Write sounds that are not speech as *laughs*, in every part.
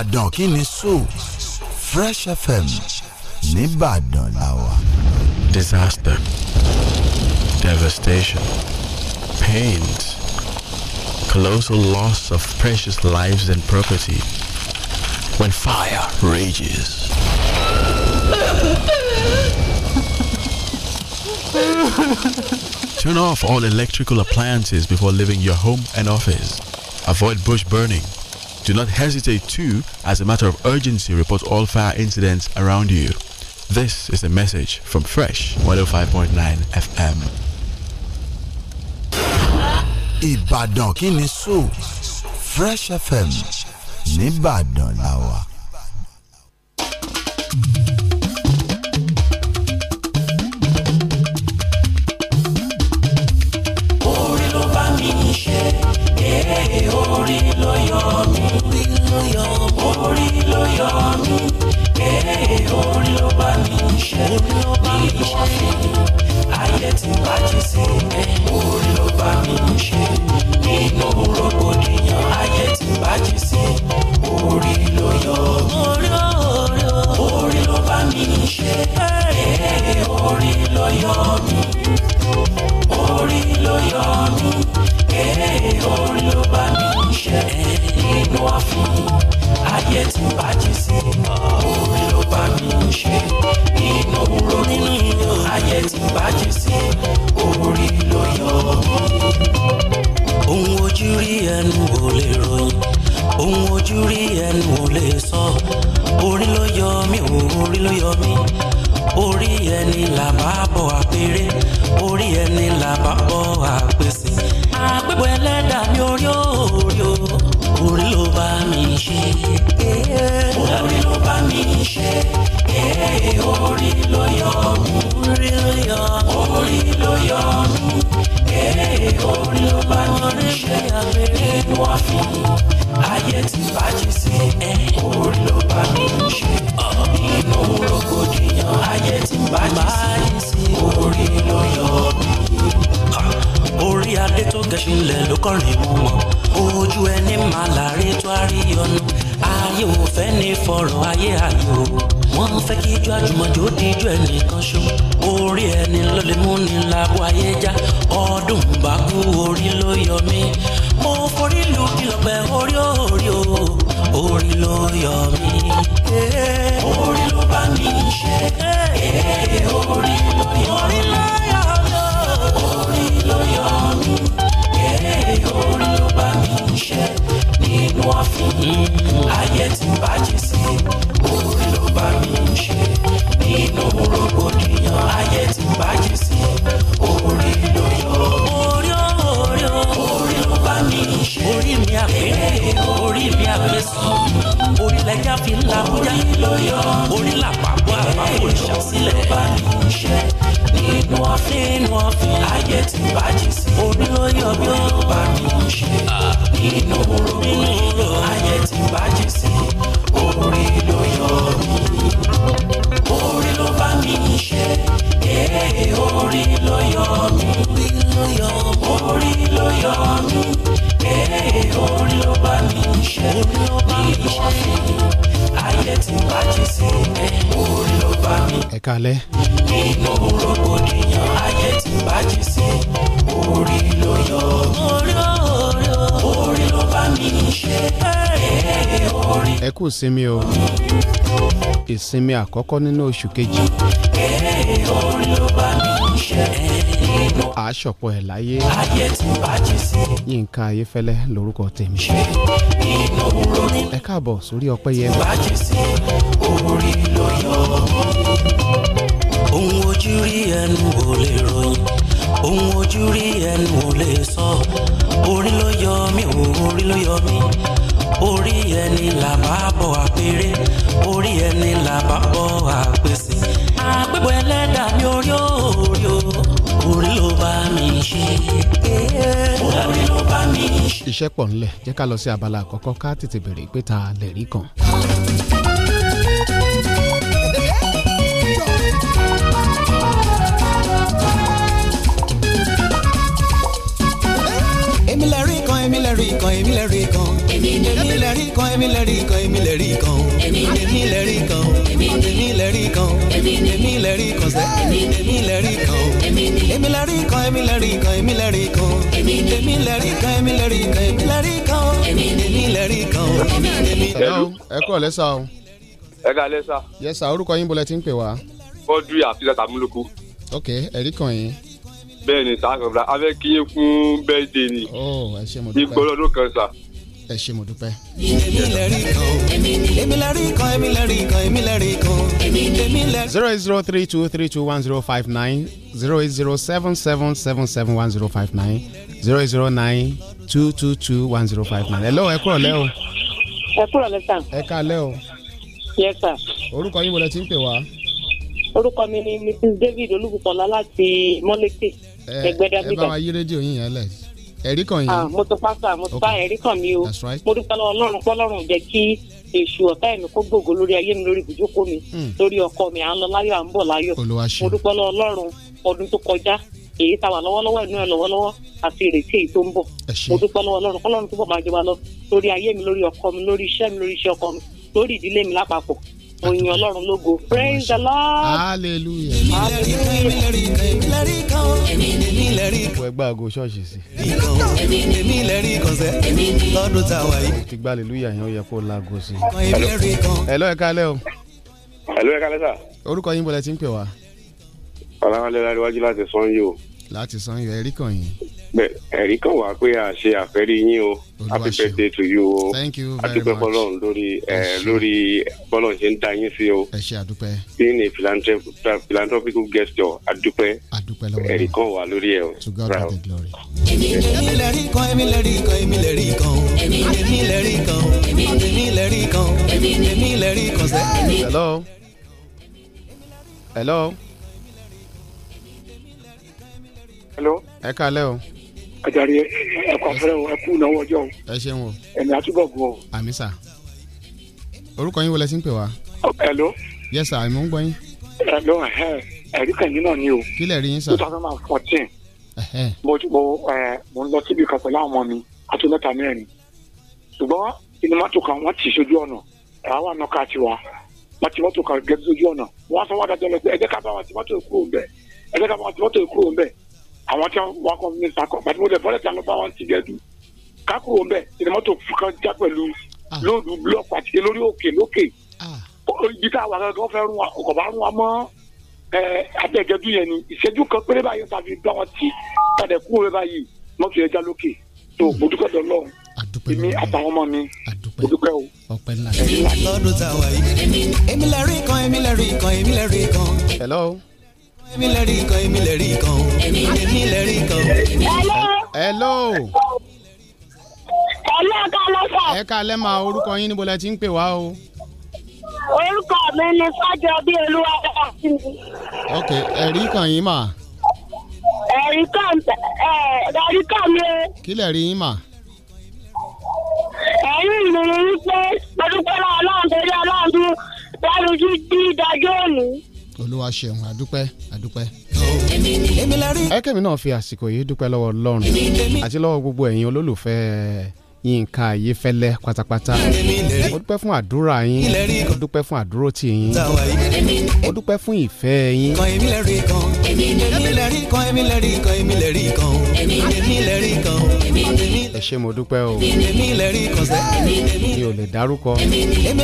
Ìbàdàn kí ni soup. Fresh FM nìbàdàn làwà. Disaster, devastation, pain, colossal loss of precious lives and property when fire rages. Turn off all electrical appliances before leaving your home and office. Avoid bush burning do not hesitate to, as a matter of urgency, report all fire incidents around you. This is a message from Fresh 105.9 FM. Ibadan kini Fresh FM Nibadan lawa. orí ló yọ mí orí ló yọ mí orí ló bá mi ṣe bí wọ́n fi ayé tí bàjẹ́ sí orí ló bá mi ṣe nínú rògbòdìyàn ayé tí bàjẹ́ sí orí ló yọ mí mi ṣe ee orí ló yọ mí orí ló yọ mí ee orí ló bá mi ṣe inú àfin ayé tí bàjẹ́ sí orí ló bá mi ṣe inú òwúrọ̀ nínú ayé tí bàjẹ́ sí orí ló yọ mí. ohun ojú rí ẹnu ò lè ròyìn ohun ojú rí ẹnu ò lè sọ orí ló yọ mí ò orí ló yọ mí orí ẹni làbá bọ̀ àpèrè orí ẹni làbá bọ̀ àpèsè àpèpọ̀ ẹlẹ́dàá mi orí òòrí o orí ló bá mi ṣe orí ló bá mi ṣe orí ló yọ mí orí ló yọ mí orí ló bá ní iṣẹ́ nínú ọ̀fun ayé ti bàjẹ́ sí ẹ orí ló bá ní iṣẹ́ nínú rògbòdìyàn ayé ti bàjẹ́ sí orí ló yọ mí. orí adé tó gẹṣin lẹ̀ ló kọrin mú wọn ojú ẹni máa láre tó fẹ́ ní fọ̀rọ̀ ayé ayò wọ́n fẹ́ kí ijó àjùmọ̀jò díjú ẹnìkan ṣó orí ẹni ló lè mú ni lágbo ayé já ọdún bá kú orí ló yọ mí mo forí lu kìlọ̀pẹ̀ orí orí o orí ló yọ mí. orí ló bá mi ṣe orí ló yọ mí orí ló yọ mí orí ló ayé tí bàjẹ́ sí orí ló bá mi ṣe nínú rògbò bá jí sí orí ló yọ. orí ó orí ó orí mi ṣe. orí mi àpé orí mi àpé sàn. orí lẹ́jà fi ń la bóyá. orí ló yọ. orí làpapọ̀ àpapọ̀ ìṣàsílẹ̀. orí ló bá mi ṣe nínú ọ̀fìn nínú ọ̀fìn ayé ti bá jí sí. orí ló yọ bí ó bá mi ṣe ah. nínú Ee, orí ló yọ mí. Orí ló yọ mí. Ee, ló bá mi ṣe. Ìlú ọ̀fìn ayé ti bájú sí ẹ̀. Orí ló bá mi. Ẹ kalẹ́. Nínú rògbòdìyàn ayé ti bájú sí. Orí ló yọ mí. Orí orí orí ló bá mi ṣe. Ẹ kú sinmi o. Ìsinmi àkọ́kọ́ nínú oṣù kejì. Ee, orí ló àṣọpọ̀ ẹ̀ láyé Yínká Ayéfẹ́lẹ́ lórúkọ tèmi ẹ káàbọ̀ sórí ọpẹ́ yẹn. ohun ojú rí ẹnu ò lè ròyìn ohun ojú rí ẹnu ò lè sọ orí ló yọ mí orí ló yọ mí orí ẹni là máa bọ̀ àpèrè orí ẹni là máa bọ̀ àpèsè àpèbọ̀ ẹlẹ́dàá mi orí òòrè mi ṣe. Olórí ló bá mi ṣe. Iṣẹ́ pọ̀ ńlẹ̀ jẹ́ ká lọ sí abala àkọ́kọ́ ká tètè bèrè pé ta kan. èmi lè kan èmi lè kan èmi lè kan èmi lè rí kan èmi lè rí kan èmi lè rí kan èmi lè rí kan èmi lè rí kan sẹ́ èmi lè rí kan èmi lè rí kan èmi lè rí kan èmi lè rí kan èmi lè rí kan èmi lè rí kan èmi lè rí kan èmi lè rí kan èmi. ẹ kúrò lẹ́sà o. ẹ ká lẹ́sà. yẹ́sà orúkọ yín bọ́lẹ̀ tí ń pè wá. bọ́dù àfihàn tàmílùkù. ok ẹ̀rí kan yín bẹ́ẹ̀ ni sáà kan a fẹ́ kí yé fún bẹ́ẹ̀ dé ni ìgbọ́lọ́dún kan sà ẹ ṣé mo dúpẹ́. zero eight zero three two three two one zero five nine zero eight zero seven seven seven seven one zero five nine zero eight zero nine two two two one zero five nine. hello ẹ kúrọ̀lẹ́ o. ẹ kúrọ̀lẹ́ sàn. ẹ káalẹ́ o. yes sir. orúkọ yín mo lẹ ti ń pè wá. orúkọ mi ni mrs david olúbukọlá láti mọ́lẹ́tẹ̀ ẹgbẹ́dá bíbá. ẹ bá wa yí rédíò yín yẹn lẹ̀ ẹ̀rí kan yìí. Ah, mo ti pásítà mo ti pa ẹ̀rí kan mi o mo dúpẹ́ lọ́wọ́ ọlọ́run pọ́lọ́run jẹ́ kí èṣù ọ̀tá ẹ̀mí kó gbògo lórí ayé mi lórí ibùjókòó mi hmm. lórí ọkọ mi à ń lọ láyọ̀ à ń bọ̀ láyọ̀ mo dúpẹ́ lọ́wọ́ ọlọ́run ọdún tó kọjá èyí tá wà lọ́wọ́lọ́wọ́ ìnú ẹ̀ lọ́wọ́lọ́wọ́ àti ìrètí èyí tó ń bọ̀ mo dúpẹ́ lọ́wọ́ ọlọ́run kọ́lọ́run túbọ̀ máa jọba lọ lórí ayé mi lórí ọkọ mi lórí iṣẹ́ mi lórí iṣẹ́ ọkọ mi lórí ìdílé mi lápapọ̀ mo yin lógo praise the lord hallelujah hallelujah. mo ẹgbẹ́ aago ṣọ́ọ̀ṣì sí. lọ́dún tá a wà yìí. ti gba hallelujah yẹn ó yẹ kó laago sí. hello ẹ kálẹ́ o. hello ẹ kálẹ́ sà. orúkọ yín bọ̀lẹ̀ tí ń pè wá. ọ̀làwálé láríwájú láti sanyo. láti sanyo ẹ̀rí kan yìí ẹ̀rí kan wà pé a ṣe àfẹ́rí yín o happy birthday to you o adúpẹ́ bọ́lọ́n lórí lórí bọ́lọ́n ṣe ń da yín sí o being a philanthropic gesture adúpẹ́ ẹ̀rí kan wà lórí ẹ̀ o. èmi lè rí kan èmi lè rí kan èmi lè rí kan èmi lè rí kan èmi lè rí kan èmi lè rí kan sẹ́. hello hello. hello. ẹ kálẹ́ o àjàre ẹkọ afẹrẹ o ẹkú náwó ọjọ́ o. ẹ ṣeun o. ẹ̀mí àtúbọ̀ gùn àmì sà orúkọ yín wọlé sí ń pè wá. Oh, hello. yes sir àmì ń gbọ́ yín. hello ẹ̀rí kẹ̀yìn náà ni o. kí rí yín sà. two thousand and fourteen. mo mo mo ń lọ síbi kan pẹ̀lú àwọn ọmọ mi àti mẹ́ta mẹ́rin ṣùgbọ́n sinimátò kan wọ́n ti ṣojú ọ̀nà àwọn àna ká ti wá wọ́n ti mọ́tò kan gẹ́gẹ́ sójú ọ̀nà wọ́n sọ wọ́n dájọ́ lọ pé ẹ̀jẹ̀ ká bá wọn ti mọ́tò kúrò ń bẹ̀ ẹ̀jẹ̀ ká bá wọn ti mọ́tò kúrò ń àwọn tí wọn kọ ní sakọ pàtó mo lè bọ́lẹ̀ tí a lọ bá wọn ti gẹ́ du kákúrò ń já pẹ̀lú ah. lóòdù blọọkù àti lórí òkè lókè ibi tá a wà gángan fẹ́ rún wa ọkọ̀ bá rún wa mọ́ abẹ́gẹ́dù yẹn ni ìṣẹ́jú kan péré báyìí tàbí bá wọn tí padà kú rẹ báyìí mọ́tò yẹn já lókè tó mo dúpẹ́ dọ́lọ́ èmi àtàwọn ọmọ mi mo o. ọpẹ́ ńlá ni. lọ́dún tá a yìí èmi lẹ́rìí kan èmi lẹ́rìí kan èmi lẹ́rìí kan. hello èmi lè rí kan èmi lè rí kan èmi lè rí kan. hello. hello kálọ́ sọ. ẹ kálẹ́ máa orúkọ yín níbo lẹ ti ń pè wá o. orúkọ mi ni fájọ bí olúwa dára sí mi. ok ẹ̀rí kan yín mà. ẹ̀rí kan ẹ̀rí kan mi. kí lè rí yín mà ẹ̀rí ìròyìn wípé mo dúpẹ́ lọ́wọ́ ọlọ́run torí ọlọ́run tún dáríjú dídájọ́ òní olúwa ṣeun àdúpẹ́ àdúpẹ́. ẹ̀kẹ́mi náà fi àsìkò yìí dúpẹ́ lọ́wọ́ ọlọ́run àti lọ́wọ́ gbogbo ẹ̀yin olólùfẹ́ yínká ayéfẹ́lẹ́ pátápátá mo dúpẹ́ fún àdúrà yín mo dúpẹ́ fún àdúrótì yín mo dúpẹ́ fún ìfẹ́ yín. kan èmi lẹ́rí kan èmi lẹ́rí kan èmi lẹ́rí kan èmi lẹ́rí kan èmi lẹ́rí kan èmi lẹ́rí kan ẹ ṣé mo dúpẹ́ o. èmi lè rí kan sẹ́. mi ò lè dárúkọ. èmi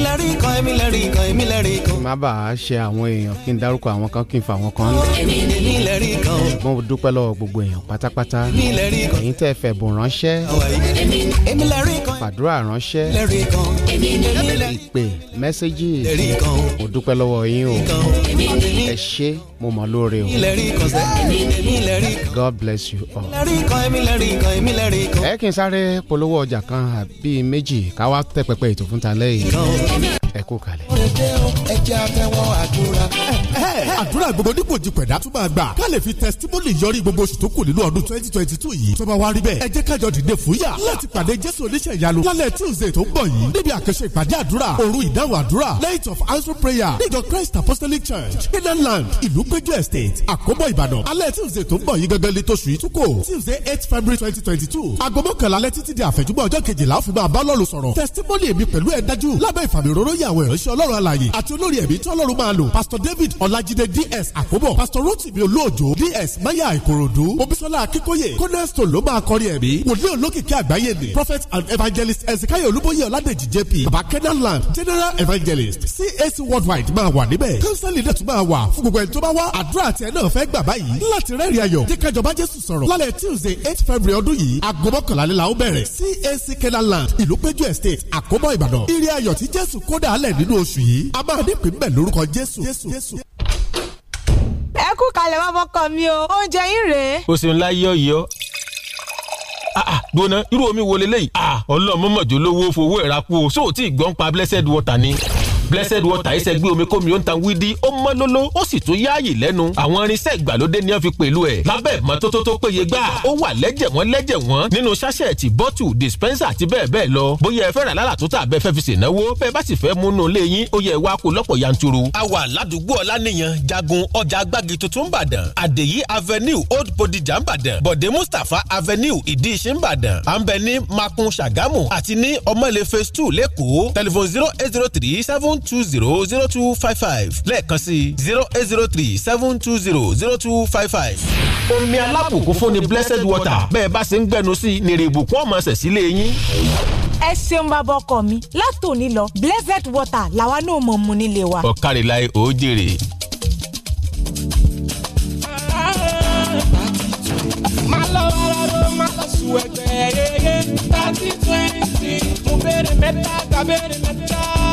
lè rí kan èmi lè rí kan èmi lè rí kan. má bàa ṣe àwọn èèyàn kí n dárúkọ àwọn kan kí n fa àwọn kan lẹ. èmi lè rí kan o. mo dúpẹ́ lọ́wọ́ gbogbo èèyàn pátápátá. èmi lè rí kan. ẹ̀yin tẹ́ fẹ́ bùn ránṣẹ́. èmi lè rí kan. fàdúrà ránṣẹ́. lè rí kan. ìpè mẹ́sẹ́gì. lè rí kan. mo dúpẹ́ lọ́wọ́ yín o. ẹ ṣé mo mọ̀ lóore o. God bless you all. ẹ kì í sá sáré polówó ọjà kan àbí méjì ká tẹ pẹpẹ ètò fún ta ẹ kú kalẹ̀. àdúrà gbogbo dípò di pẹ̀dá tún máa gbà ká lè fi tẹsitímọ́lì yọrí gbogbo oṣù tó kù nínú ọdún twenty twenty two yìí tó bá wá rí bẹ́ẹ̀ ẹ jẹ́ kájọ dìde fúyà láti pàdé Jésù oníṣẹ́ ìyanu lálẹ́ Tuesday tó ń bọ̀ yìí níbi àkẹ́ṣe ìpàdé àdúrà òru ìdáhùn àdúrà night of answer prayer níjọ Christ Apostolic Church Canaan Land ìlú péjú estate àkóbọ̀ Ìbàdàn alẹ́ Tuesday tó ń bọ̀ yìí gangan ni Tuesday eight February twenty twenty two aago mọ́kànlá alẹ́ títí di àfẹ̀júmọ́ ọjọ́ kejìlá ó fi máa bá Ọlọ́run sọ̀rọ̀ testimony mi pẹ̀lú ẹ̀ dájú lábẹ́ ìfàmì òróró y lórí àwọn ìránṣẹ́ ọlọ́run alàyè àti olórí ẹ̀mí tí ọlọ́run máa lò pastor david ọlájídé ds àkóbọ̀ pastor rotimi olóòjó ds maya ìkòròdú obisola akíkóyè kónẹ́stò ló máa kọrin ẹ̀mí wòlíì olókìkí àgbáyé ni prophet and evangelist ezekiel olúbóyè ọládèjì jp baba Land general evangelist cac worldwide máa wà níbẹ̀ kánsẹ́lì náà tún máa wà fún gbogbo ẹni tó bá wá àdúrà tiẹ̀ náà fẹ́ gbà báyìí láti rẹ́rìn tuesday eight february ọdún yìí aago mọ́kànlá ni la ó bẹ̀rẹ̀ cac estate àkóbọ̀ ìbàdàn ire ayọ̀ tí jésù dálẹ̀ nínú oṣù yìí a máa nípìn bẹ̀ lórúkọ Jésù ẹ kú kalẹ̀ wá fọkọ mi o oúnjẹ yín rèé. o ṣeun láyé ọyọ ah, ah, gbóná irú omi wo leléyìí ah, ọlọ́mọ mọ̀jọ́ lówó fowó ẹ̀rá kú o sóòtì ìgbọ́n pa blessed water ni blessed water ẹsẹ̀ gbé omi kómi ó ń tan wídí ó mọ́ lóló ó sì tún yáàyè lẹ́nu àwọn irinṣẹ́ ìgbàlódé ni wọ́n fi pẹ̀lú ẹ̀ lábẹ́ ìmọ́tótó tó péye gbà ó wà lẹ́jẹ̀ wọ́n lẹ́jẹ̀ wọ́n nínú ṣáṣẹ̀tì bọ́tù dispenser àti bẹ́ẹ̀ bẹ́ẹ̀ lọ bóyá ẹ fẹ́ rà lálà tó tà bẹ́ẹ̀ fẹ́ fi ṣènáwó bẹ́ẹ̀ bá sì fẹ́ múnú lé yín ó yẹ wá kó lọ́pọ̀ yanturu. a wà ládùúgbò ọláníyàn jagun ọjà agbági tuntun bàdàn àdèyí avenue old bodija bàdàn bọ̀dé mustapha avenue ìdí ìṣin bàdàn à ń bẹ ní makun ṣàgámù àti ní ọmọlé phase lẹ́kọ̀ọ́ telephone zero eight zero three seven seven two zero zero two five five lẹ́ẹ̀kan sí zero eight zero three seven two zero zero two five five. omi alábùkún fún ni blessed water bẹ́ẹ̀ bá ṣe ń gbẹnu sí i nírè ìbùkún ọmọ ṣẹ̀ sílé yín ẹ ṣeun bàbá ọkọ mi látòní lọ blessed water làwa náà mọ̀ mu nílé wa. ọ̀kàrìlà ò jèrè. thirty twenty mo béèrè mẹ́ta gba béèrè mẹ́ta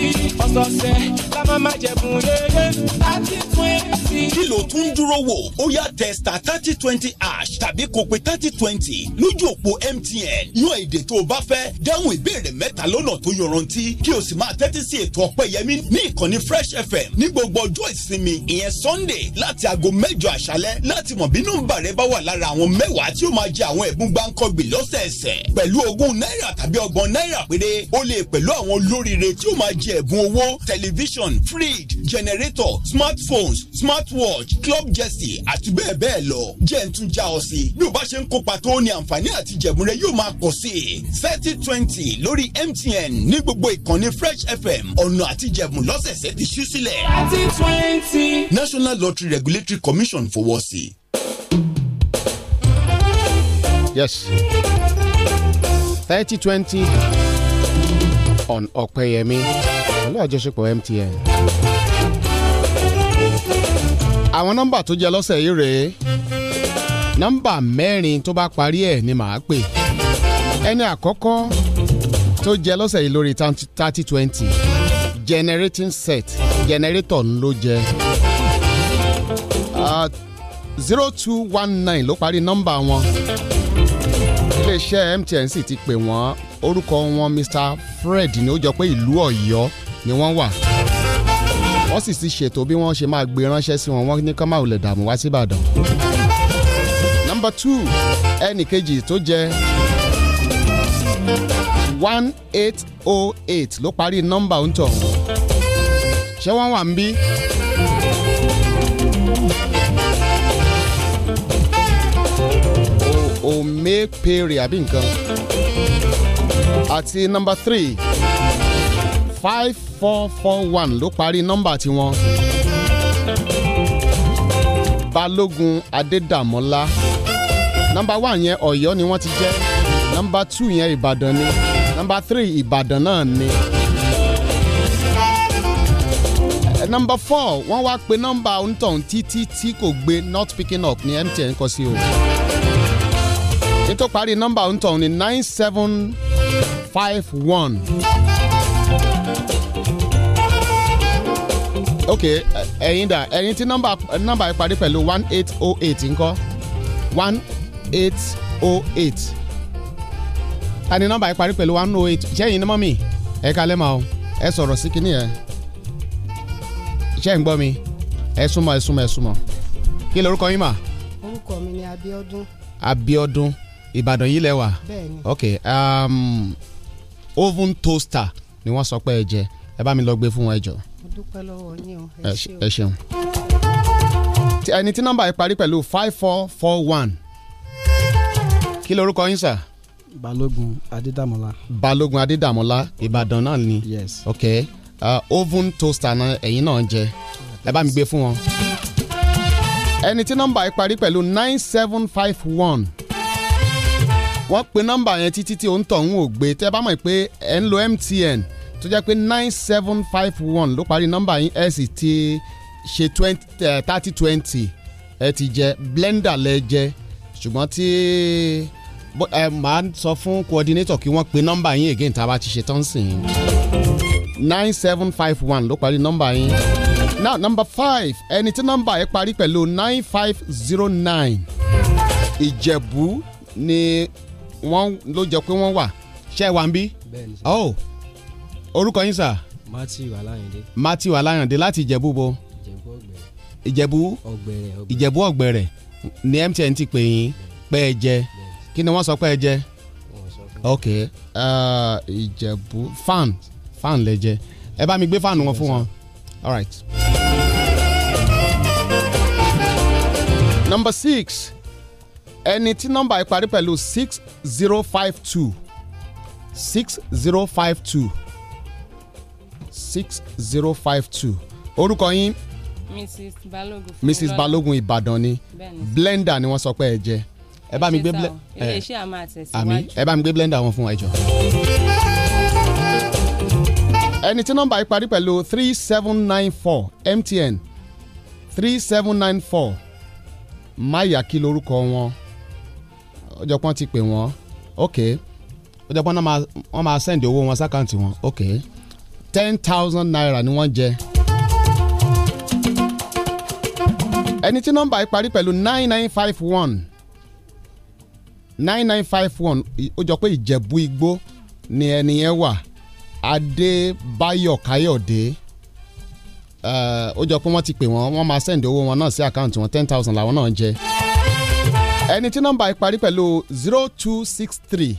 sí ọ̀sọ̀ọ̀sẹ̀ la máa máa jẹ̀bùn rere thirty twenty. kí ló tún dúró wò ó yá testa thirty twenty ash tàbí kó pe thirty twenty lójú òpó MTN yan èdè tó o bá fẹ́ dáhùn ìbéèrè mẹ́ta lọ́nà tó yọrantí kí o sì máa tẹ́tí sí ètò ọpẹ́yẹmí ní ìkànnì Fresh FM ní gbogbo ọjọ́ ìsinmi ìyẹn Sunday láti aago mẹ́jọ àṣálẹ́ láti mọ̀ bí nọ́mbà rẹ bá wà lára àwọn mẹ́wàá tí ó máa jẹ àwọn ẹ̀bùn gbáǹkọ́gbìn lọ́sẹ̀ẹsẹ̀ pẹ̀lú ogún náírà tàbí ọgbọ̀n náírà péré o lè pẹ̀lú àwọn olóríire tí ó máa jẹ ṣe ẹ̀bùn owó tẹlifíṣàn fridge generator smartphones smartwatch club jersey àti bẹ́ẹ̀ bẹ́ẹ̀ lọ jẹ́ ń tún já ọ sí bí o bá ṣe ń kópa tó ní àǹfààní àti jẹ̀bùn rẹ yóò máa pọ̀ sí i thirty twenty lórí MTN ní gbogbo ìkànnì Fresh FM ọ̀nà àti jẹ̀bùn lọ́sẹ̀ẹ̀sẹ̀ ti ṣú sílẹ̀. thirty twenty. National Lottery Regulatory Commission fowọ́ sí. yes thirty twenty on Ọ̀pẹ́yẹmí pẹ̀lú àjọṣepọ̀ MTN. àwọn nọ́mbà tó jẹ lọ́sẹ̀ yìí rèé nọ́mbà mẹ́rin tó bá parí ẹ̀ ni màá pè ẹni àkọ́kọ́ tó jẹ lọ́sẹ̀ yìí lórí thirty twenty generating set generator ló jẹ zero two one nine ló parí nọ́mbà wọn iléeṣẹ́ MTN sì ti pè wọ́n orúkọ wọn Mr Fred ni ó jọ pé ìlú Ọ̀yọ́ ni wọ́n wà wọ́n sì ti ṣètò bí wọ́n ṣe máa gbé ránṣẹ́ sí wọn wọ́n ní ká má lè dààmú wá síbàdàn. nọ́mbà two ẹnì kejì tó jẹ́ one eight oh eight ló parí nọ́mbà òǹtọ̀ ṣé wọ́n wà ń bí. omepere àbí nǹkan àti nọ́mbà three five four four one ló parí nọ́mbà tiwọn. Balógun Adédàmọ́lá nọ́mbà one yẹn Ọ̀yọ́ ni wọ́n ti jẹ́ nọ́mbà two yẹn Ìbàdàn ni nọ́mbà three Ìbàdàn náà ni. Eh, nọ́mbà four wọ́n wá pe nọ́mbà onítọ̀hún títí tí kò gbé not picking up Ni MTN kọ sí o. ètò parí nọ́mbà onítọ̀hún ni nine seven five one. ok ẹ̀yin dà ẹ̀yin tí nọ́mbà nọ́mbà yìí parí pẹ̀lú one eight oh eight ńkọ́ one eight oh eight ta ni nọ́mbà yìí parí pẹ̀lú one oh eight ṣẹ́yìn ní mọ́mì ẹ kalẹ́ ma o ẹ sọ̀rọ̀ sí kinní yẹn ṣẹ́ gbọ́ mi ẹ súnmọ́ ẹ súnmọ́ ẹ súnmọ́ kí lorúkọ yín mà. orúkọ mi ni Abíọ́dún. Abíọ́dún Ìbàdàn yìí lẹ wà. bẹ́ẹ̀ni. ok um, oven toaster ni wọ́n sọ pé ẹ jẹ ẹ bá mi lọ gbé fún wọn ẹ jọ dúpẹ́ lọ́wọ́ yín o ẹ ṣeun. ẹni tí nọ́mbà yìí parí pẹ̀lú five four four one kí lorúkọ yín sà. balógun adédàmọ́lá. balógun adédàmọ́lá ìbàdàn náà ni. yes. ok uh, oven toaster náà ẹ̀yin náà jẹ ẹ bá mi gbé fún wọn. ẹni tí nọ́mbà yìí parí pẹ̀lú nine seven five one wọ́n pe nọ́mbà yẹn títí tí òun tọ̀ ń wò gbé tẹ́ bá mọ̀ pé ẹ̀ ń lo MTN tó jẹ́ pé nine seven five one ló parí nọ́mbà yín ẹ sì ti ṣe thirty twenty ẹ ti jẹ blender lẹ jẹ ṣùgbọ́n tí ẹ máa sọ fún coordinator kí wọ́n pe nọ́mbà yín again tá a bá ti ṣe tán sí nine seven five one ló parí nọ́mbà yín now number five ẹni tí nọ́mbà yẹn parí pẹ̀lú nine five zero nine ìjẹ̀bú ni wọ́n ló jẹ́ pé wọ́n wà ṣé ẹ wà ń bí? bẹ́ẹ̀ sọ orúkọ yín sà. Matthew Alayande. Matthew Alayande láti ìjẹ̀bú bo. ìjẹ̀bú ọ̀gbẹ̀rẹ̀. ìjẹ̀bú ọ̀gbẹ̀rẹ̀. ìjẹ̀bú ọ̀gbẹ̀rẹ̀ ni MTN ti pè yín pé ẹ jẹ kí ni wọ́n sọ pé ẹ jẹ. ok ìjẹ̀bú fan fan lẹ jẹ ẹ bá mi gbé fan wọn fún wọn all right. number six ẹni tí nọ́mbà yìí parí pẹ̀lú six zero five two six zero five two six zero five two orúkọ yín. mrs balogun mrs balogun ìbàdàn ni blender ni wọ́n sọ pé ẹ jẹ ẹ bá mi gbé blender ẹ àmì ẹ bá mi gbé blender wọn fún wa ẹ jọ. ẹni tí nọ́mbà yìí parí pẹ̀lú three seven nine four mtn three seven nine four máyà kí lorúkọ wọn ọjọ́pọ́n ti pè wọ́n ok ọjọ́pọ́n náà wọ́n máa sẹ́ǹdì owó wọn sákàǹtì wọn ok. okay ten thousand naira ni wọ́n jẹ. ẹni tí nọ́mbà yìí parí pẹ̀lú nine nine five one nine nine five one ó jọ pé ìjẹ̀bú igbó ni ẹni yẹn wà adébáyọ̀ káyọ̀dé ó jọ pé wọ́n ti pè wọ́n wọ́n máa sẹ́ǹdì owó wọn náà sí àkáǹtì wọn ten thousand làwọn náà ń jẹ. ẹni tí nọ́mbà yìí parí pẹ̀lú zero two six three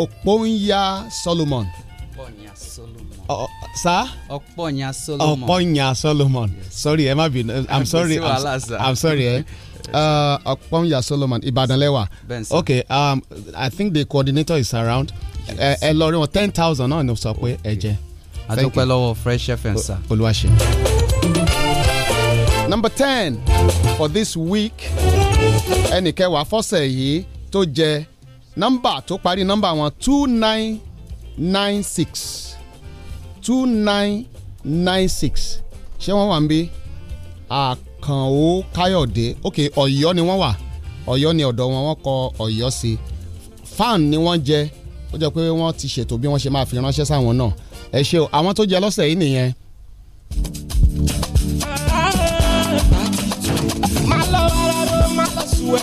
òpónyá solomon Ọ̀pọ̀nyà Solomon. Solomon. Ọ̀pọ̀nyà Solomon sorry ẹ má bínú i'm sorry i'm, I'm sorry ẹ. Ọ̀pọ̀nyà Solomon Ìbàdàn lẹ́wà. okay um, I think the coordinator is around. ẹ lọ rí wọn ten thousand náà ni sọ pé ẹ jẹ. adúpẹ́ lọ́wọ́ Fresh FM sir. olùwàṣẹ. number ten for this week ẹnì kẹwàá fọ́sẹ̀ yìí tó jẹ nọ́mbà tó parí nọ́mbà wọn two nine nine six two nine nine six ṣé wọ́n wà ń bí àkànó káyọ̀dé ok ọ̀yọ́ ni wọ́n wà ọ̀yọ́ ni ọ̀dọ̀ wọn wọ́n kọ ọ̀yọ́ sí fan ni wọ́n jẹ ó jẹ́ pé wọ́n ti ṣètò bí wọ́n ṣe máa fi ránṣẹ́ sáwọn náà ẹ ṣe o àwọn tó jẹ lọ́sẹ̀ yìí nìyẹn.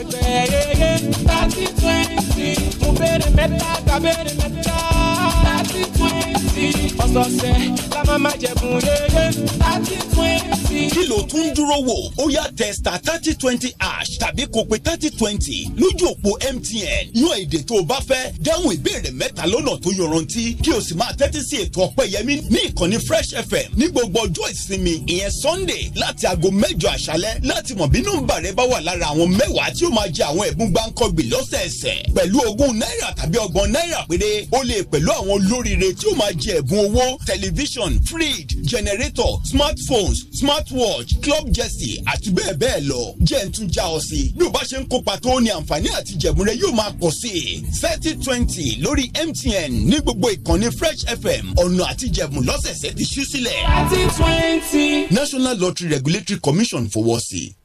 ẹgbẹ́ yẹ́yẹ́ thirty twenty mo béèrè mẹ́ta gbà béèrè mẹ́ta. I see twins. twenty ọ̀sọ̀ọ̀sẹ̀ la máa máa jẹ̀bùn rere thirty twenty. kí tún ń dúró wò ó yá testa thirty twenty ash tàbí kó pe thirty twenty lójú òpó MTN yan èdè tó o bá fẹ́ dáhùn ìbéèrè mẹ́ta lọ́nà tó yọrantí kí o sì máa tẹ́tí sí ètò ọpẹ́yẹmí ní ìkànnì Fresh FM ní gbogbo ọjọ́ ìsinmi ìyẹn Sunday láti aago mẹ́jọ àṣálẹ́ láti mọ̀ bí nọ́mbà rẹ bá wà lára àwọn mẹ́wàá tí ó máa jẹ àwọn ẹ̀bùn gbáǹkọ́gbì lọ́sẹ̀ẹsẹ̀ pẹ̀lú ogún náírà tàbí ọgbọ̀n náírà péré o lè pẹ̀lú àwọn olóríire tí ó máa j méjì ẹ̀bùn owó tẹlifíṣàn fridge generator smartphones smartwatch club jersey àti bẹ́ẹ̀ bẹ́ẹ̀ lọ jẹ́ ń tún já ọ sí bí o bá ṣe ń kópa tó ní àǹfààní àti jẹ̀bùn rẹ yóò máa pọ̀ sí i thirty twenty lórí MTN ní gbogbo ìkànnì Fresh FM ọ̀nà àti jẹ̀bùn lọ́sẹ̀ẹ̀sẹ̀ ti ṣú sílẹ̀. thirty twenty National Lottery Regulatory Commission fowọ́ sí i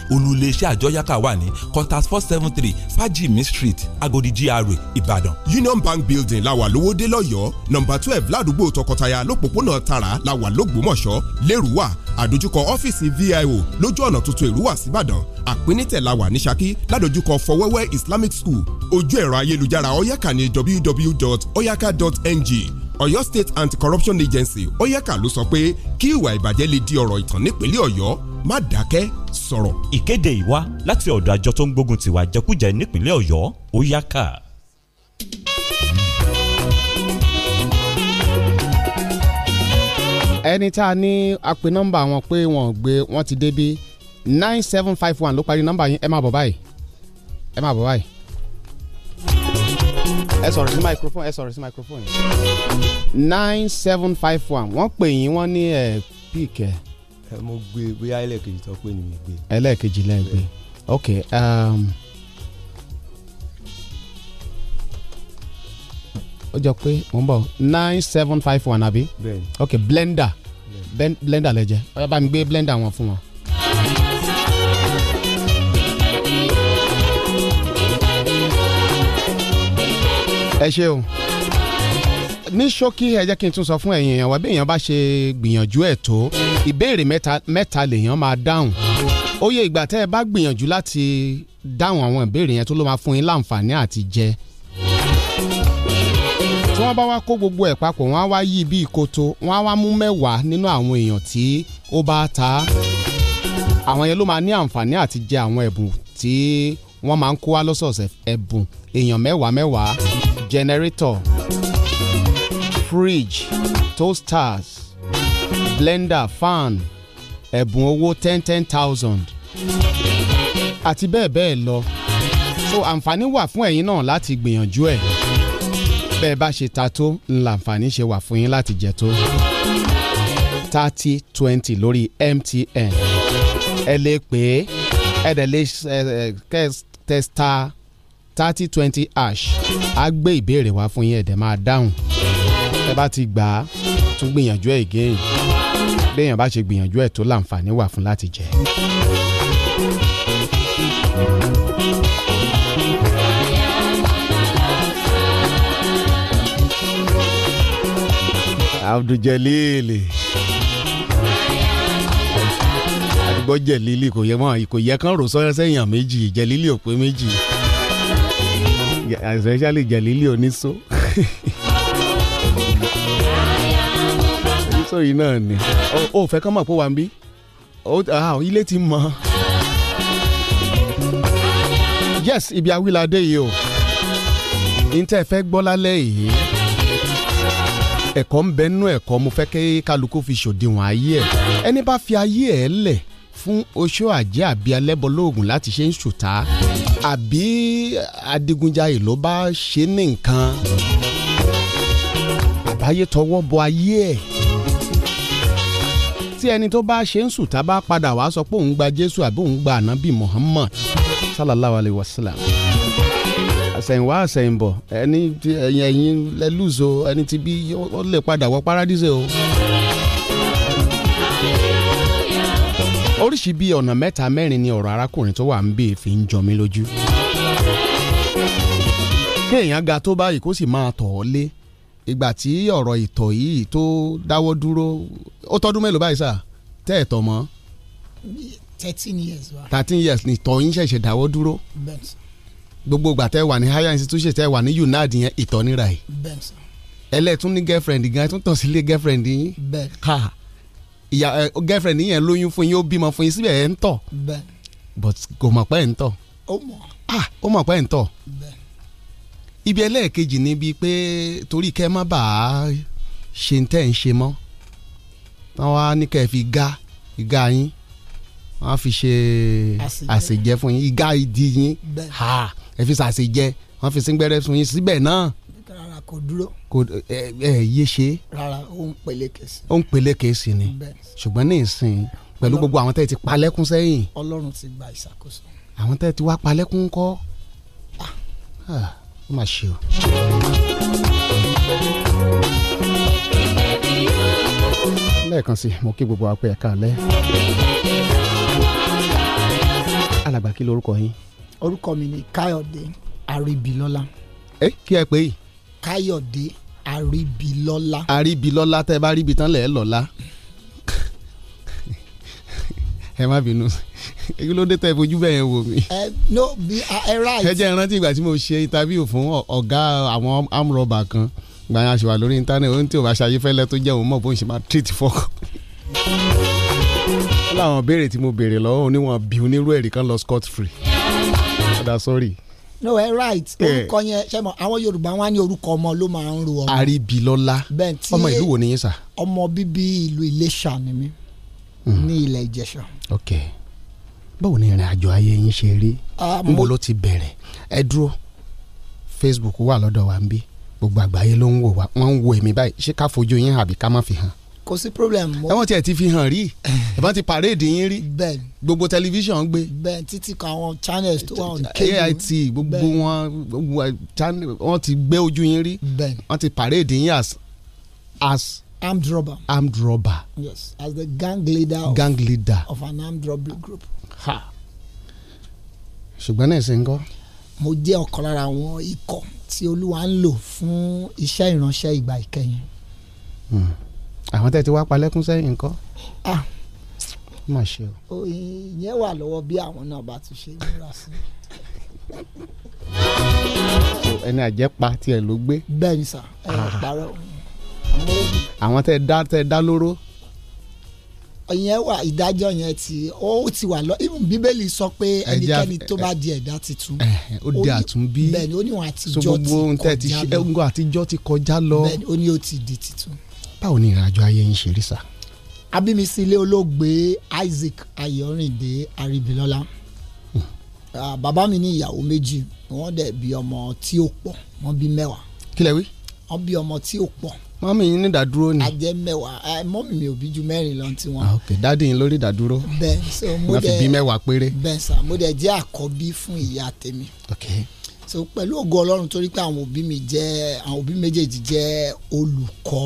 olùléṣẹ́ àjọyàká wà ní contact four seven three fajimi street agodi gra ìbàdàn. union bank building la wà lówódé lọ́yọ́ọ́ nọ́mbà twelve ládùúgbò tọkọtaya lọ́pọ̀pọ̀nà tara la wà lógbómọ̀ṣọ́ lẹ́rùwà àdójúkọ ọ́fíìsì vio lójú ọ̀nà tuntun èrúwà síbàdàn àpínítẹ̀ la wà ní ṣakí ládójúkọ fọwẹ́wẹ́ islamic school ojú ẹ̀rọ ayélujára oyaka ní www.oyaka.ng Ọ̀yọ́ State Anti-Corruption Agency oyeka ló sọ pé kí ìwà ìbàjẹ́ lè di ọ̀rọ̀ ìtàn nípínlẹ̀ Ọ̀yọ́ má dákẹ́ sọ̀rọ̀. Ìkéde yìí wá láti ọ̀dọ̀ àjọ tó ń gbógun tiwa jẹkújẹ nípínlẹ̀ Ọ̀yọ́ oyeka. ẹni tá a ní a pè wọn pé wọ́n gbé wọ́n ti débi nine seven five one ló parí nọ́mbà yín ẹ máa bọ̀ báyìí ẹ máa bọ̀ báyìí ẹ sọ̀rọ̀ sí microphone ẹ sọ̀rọ̀ sí microphone nine seven five one wọ́n pè yín wọ́n ní ẹ̀ píìkẹ́. ẹ mo gbé bóyá ẹlẹ́ẹ̀kejì tó pè ní mi gbé. ẹlẹ́ẹ̀kejì lẹ́ẹ̀gbẹ́ ok. Um, ó jọ pé mò ń bọ̀ nine seven five one àbí. bẹ́ẹ̀ni ok blender blender lẹ jẹ ó bá mi gbé blender wọn fún wọn. ẹ ṣeun ní ṣókí ẹ jẹ́ kí n tún sọ fún ẹ̀yin èèyàn wá bí èèyàn bá ṣe gbìyànjú ẹ̀ tó ìbéèrè mẹ́ta mẹ́ta lèèyàn máa dáhùn ó yẹ ìgbà tẹ́ ẹ bá gbìyànjú láti dáhùn àwọn ìbéèrè yẹn tó ló máa fún yín láǹfààní àti jẹ tí wọ́n bá wá kó gbogbo ẹ̀ papọ̀ wọ́n á wá yí bí ìkoto wọ́n á wá mú mẹ́wàá nínú àwọn èèyàn tí ó bá ta àwọn yẹn ló máa ní àǹfààní àti jẹ àwọn ẹ̀bùn tí wọ́n máa ń kó wá lọ́sọ̀ọ̀sẹ̀ ẹ̀bùn èèyàn mẹ́wàá mẹ́wàá generator fridge toasters blender fan ẹ̀bùn owó ten ten thousand àti bẹ́ẹ̀ bẹ́ẹ̀ lọ so àǹfààní wà fún ẹ̀yin náà láti gbìyànjú ẹ̀ bẹ́ẹ̀ bá ṣe ta tó ńlàǹfààní ṣe wà fún yín láti jẹ tó thirty twenty lórí MTN ẹ lè pè é ẹ dẹ̀ lè testa thirty twenty ash á gbé ìbéèrè wá fún yín ẹ̀dẹ̀ máa dáhùn ẹ bá ti gbà á tún gbìyànjú ẹ̀ again léèyàn bá ṣe gbìyànjú ẹ̀ tó láǹfààní wà fún láti jẹ. Abdul-Jalil àdúgbò jẹ̀lílì kò yẹ kán rò sọ́yọ́ sẹ́yìn méjì jẹ̀lílì ò pé méjì especially Jalili Onísó. Onísó yìí náà ni ó fẹ́ kán mọ̀ pé wà ń bí ilé ti mọ. yes ibi awilade yìí o níta ẹ fẹ́ gbọ́ lálẹ́ yìí ẹ̀kọ́ ń bẹ nú ẹ̀kọ́ mo fẹ́ kí kálukú fi ṣòdiwọ̀n ayé ẹ̀ ẹni bá fi ayé ẹ̀ lẹ̀ fún oṣó àjẹ́ àbí alẹ́bọ lóògùn láti ṣe ń ṣùtá àbí adigunjalè ló bá ṣe ní nǹkan àbáyé tọwọ́ bọ ayé ẹ̀ tí ẹni tó bá ṣe ń sùtá bá padà wá sọ pé òun gba Jésù àbí òun gba ànábì Muhammad sallallahu alayhi wa sallam àsẹ̀yìnwá àsẹ̀yìnbọ̀ ẹni ẹ̀yìn ẹ̀yìn lẹ́lúzo ẹni tí bí ó lè padà wọ paradíṣe o. oríṣi bíi ọ̀nà mẹ́ta mẹ́rin ni ọ̀rọ̀ arákùnrin tó wà ń bè fi ń jọ mí lójú. kéèyàn ga tó báyìí kó sì máa tọ̀ ọ́ lé ìgbà tí ọ̀rọ̀ ìtọ̀ yìí tó dáwọ́ dúró ó tọ́dún mélòó báyìí sà tẹ́ ẹ̀ tọ̀ mọ́. thirteen years wa. thirteen years ni ìtọ̀ yín ṣẹ̀ṣẹ̀ dáwọ́ dúró. gbogbo ìgbà tẹ́ wà ní higher institution tẹ́ wà ní UNAD yẹn ìtọ̀ nira yìí. ẹlẹ́tún ní girlfriend gan ẹ̀ tún tọ̀ sílé girlfriend yín. bẹ́ẹ̀ ìyá girlfriend yẹn lóyún fún yín ó bímọ fún yín síbẹ̀ ẹ̀ ń tọ̀ but kò mọ̀ pé ẹ̀ ń tọ̀ ó mọ̀ ah, pé ẹ̀ ń tọ̀ ibi ẹlẹ́ẹ̀kejì níbi pé torí kẹ́ má bàa ṣe ń tẹ́ ń ṣe mọ́ wọ́n wá ní kẹ́ ẹ fi ga ìga yín wọ́n fi ṣe àṣejẹ fún yín ìga ìdí yín ẹ fi ṣàṣejẹ wọ́n fi síngbẹ́rẹ́ fún yín síbẹ̀ náà kò dúró. kò ẹ ẹ yé ṣe. rárá ó ń peléke sí. ó ń peléke sí ni ṣùgbọ́n ní ìsìn pẹ̀lú gbogbo àwọn tẹ́ ti palẹ́kún sẹ́yìn. ọlọ́run ti gba ìṣàkóso. àwọn tẹ́ ti wá palẹ́kún kọ́ ah. ah, ó mà ṣe o. lẹ́ẹ̀kan sí mo kí gbogbo wa pé ẹ̀ka alẹ́. alàgbà kí lorúkọ yín. orúkọ mi ni káyọ̀dé àríbílọ́lá. ẹ kí ẹ pè é káyọ̀dé àríbílọ́lá. àríbílọ́lá tẹ́ ẹ bá ríbi tán lẹ̀ ẹ́ lọ́lá ẹ má bínú kí ló dé tẹ fojú bẹ́ẹ̀ yẹn wò mí. ẹ no be ẹ right. ẹ jẹ́ ìrántí ìgbà tí mo ṣe interview fún ọ̀gá àwọn amúrọ̀bà kan gbàyàn àṣewà lórí íńtánẹ̀tì ohun tí ò bá ṣayé fẹ́lẹ́ tó jẹ́ òun mọ̀ bó ṣe máa treat fọ́kàn láwọn béèrè tí mo béèrè lọ́wọ́ oníwọ̀n bí onírú ẹ̀rí kan lọ scot free. padà sọ́rí no ẹ eh, right eh. orúkọ yẹn ṣe mọ àwọn yorùbá wọn á ní orúkọ ọmọ ló máa ń ro ọmọ. àríbílọ́lá ọmọ ìlú wo nìyẹn sà. ọmọ bíbí ìlú iléṣà ni mí hmm. ní ilẹ̀ ìjẹ̀ṣà. ok báwo ni ìrìn àjò ayé yín ṣe rí ah, níbo ló ti bẹ̀rẹ̀ ẹ dúró facebook wà lọ́dọ̀ wa ń bí gbogbo àgbáyé ló ń wò wá wọ́n ń wo èmi báyìí ṣé ká fojú yín àbí ká má fi hàn kò sí problem mọ́. ẹ̀wọ̀n tiẹ̀ ti fi hàn rí *laughs* ẹ̀fọ́n ti parade yín rí gbogbo tẹlifíṣàn ń gbé. bẹ́ẹ̀ títí kan àwọn channels tó wà ọ̀n kéwì. AIT gbogbo wọn wọn ti gbé ojú yín rí wọn ti parade yín as as armed robber. armed robber. yes as the gang leader. gang leader of an armed robbery group. ha ṣùgbọ́n náà ṣe ń kọ́. mo jẹ́ ọ̀kan lára àwọn ikọ̀ tí olúwa ń lò fún iṣẹ́ ìránṣẹ́ ìgbà ìkẹyìn. Hmm àwọn tẹ́ ti wá palẹ́kún sẹ́yìn ńkọ́ má ṣe o. ìyẹn wà lọ́wọ́ bí àwọn náà bá ti ṣe múra sí i. ẹni àjẹpa tiẹ̀ ló gbé. bẹ́ẹ̀ni sà ẹ ah. parọ́. àwọn tẹ́ dá tẹ́ dá lóró ìyẹn wà ìdájọ́ yẹn ti ó ti wà lọ even bíbélì sọ pé ẹnikẹ́ni tó bá di ẹ̀dá titun ó di àtúnbí bẹ́ẹ̀ni ó ní wọn àtijọ́ ti kọjá lọ bẹ́ẹ̀ni ó ní ó ti di titun báwo ni ìrìnàjò ayé yín ṣe rí sà. abímisí olóògbé Isaac Ayọ̀rìndé Aríbílọ́lá hmm. bàbá mi ní ìyàwó méjì wọ́n dẹ̀ bí ọmọ tí ó pọ̀ wọ́n bí mẹ́wàá. kílẹ̀ wí. wọ́n bí ọmọ tí ó pọ̀. mọ́mí yín ní ìdádúró ni. ajẹ mẹ́wàá ẹ mọ́mí mi ò bí ju mẹ́rin lọ tí wọ́n. Ah, ok dáàdì yín lórí ìdádúró. bẹ́ẹ̀ so mo dẹ̀ wọ́n fi bí mẹ́wàá péré. bẹ́ẹ̀ sà mo dẹ̀ jẹ́ àkọ́bí fún ìyá tèmi. ok so pẹ̀lú ògo ọlọ́run torí pé àwọn òbí mi jẹ́ àwọn òbí méjèèjì jẹ́ olùkọ́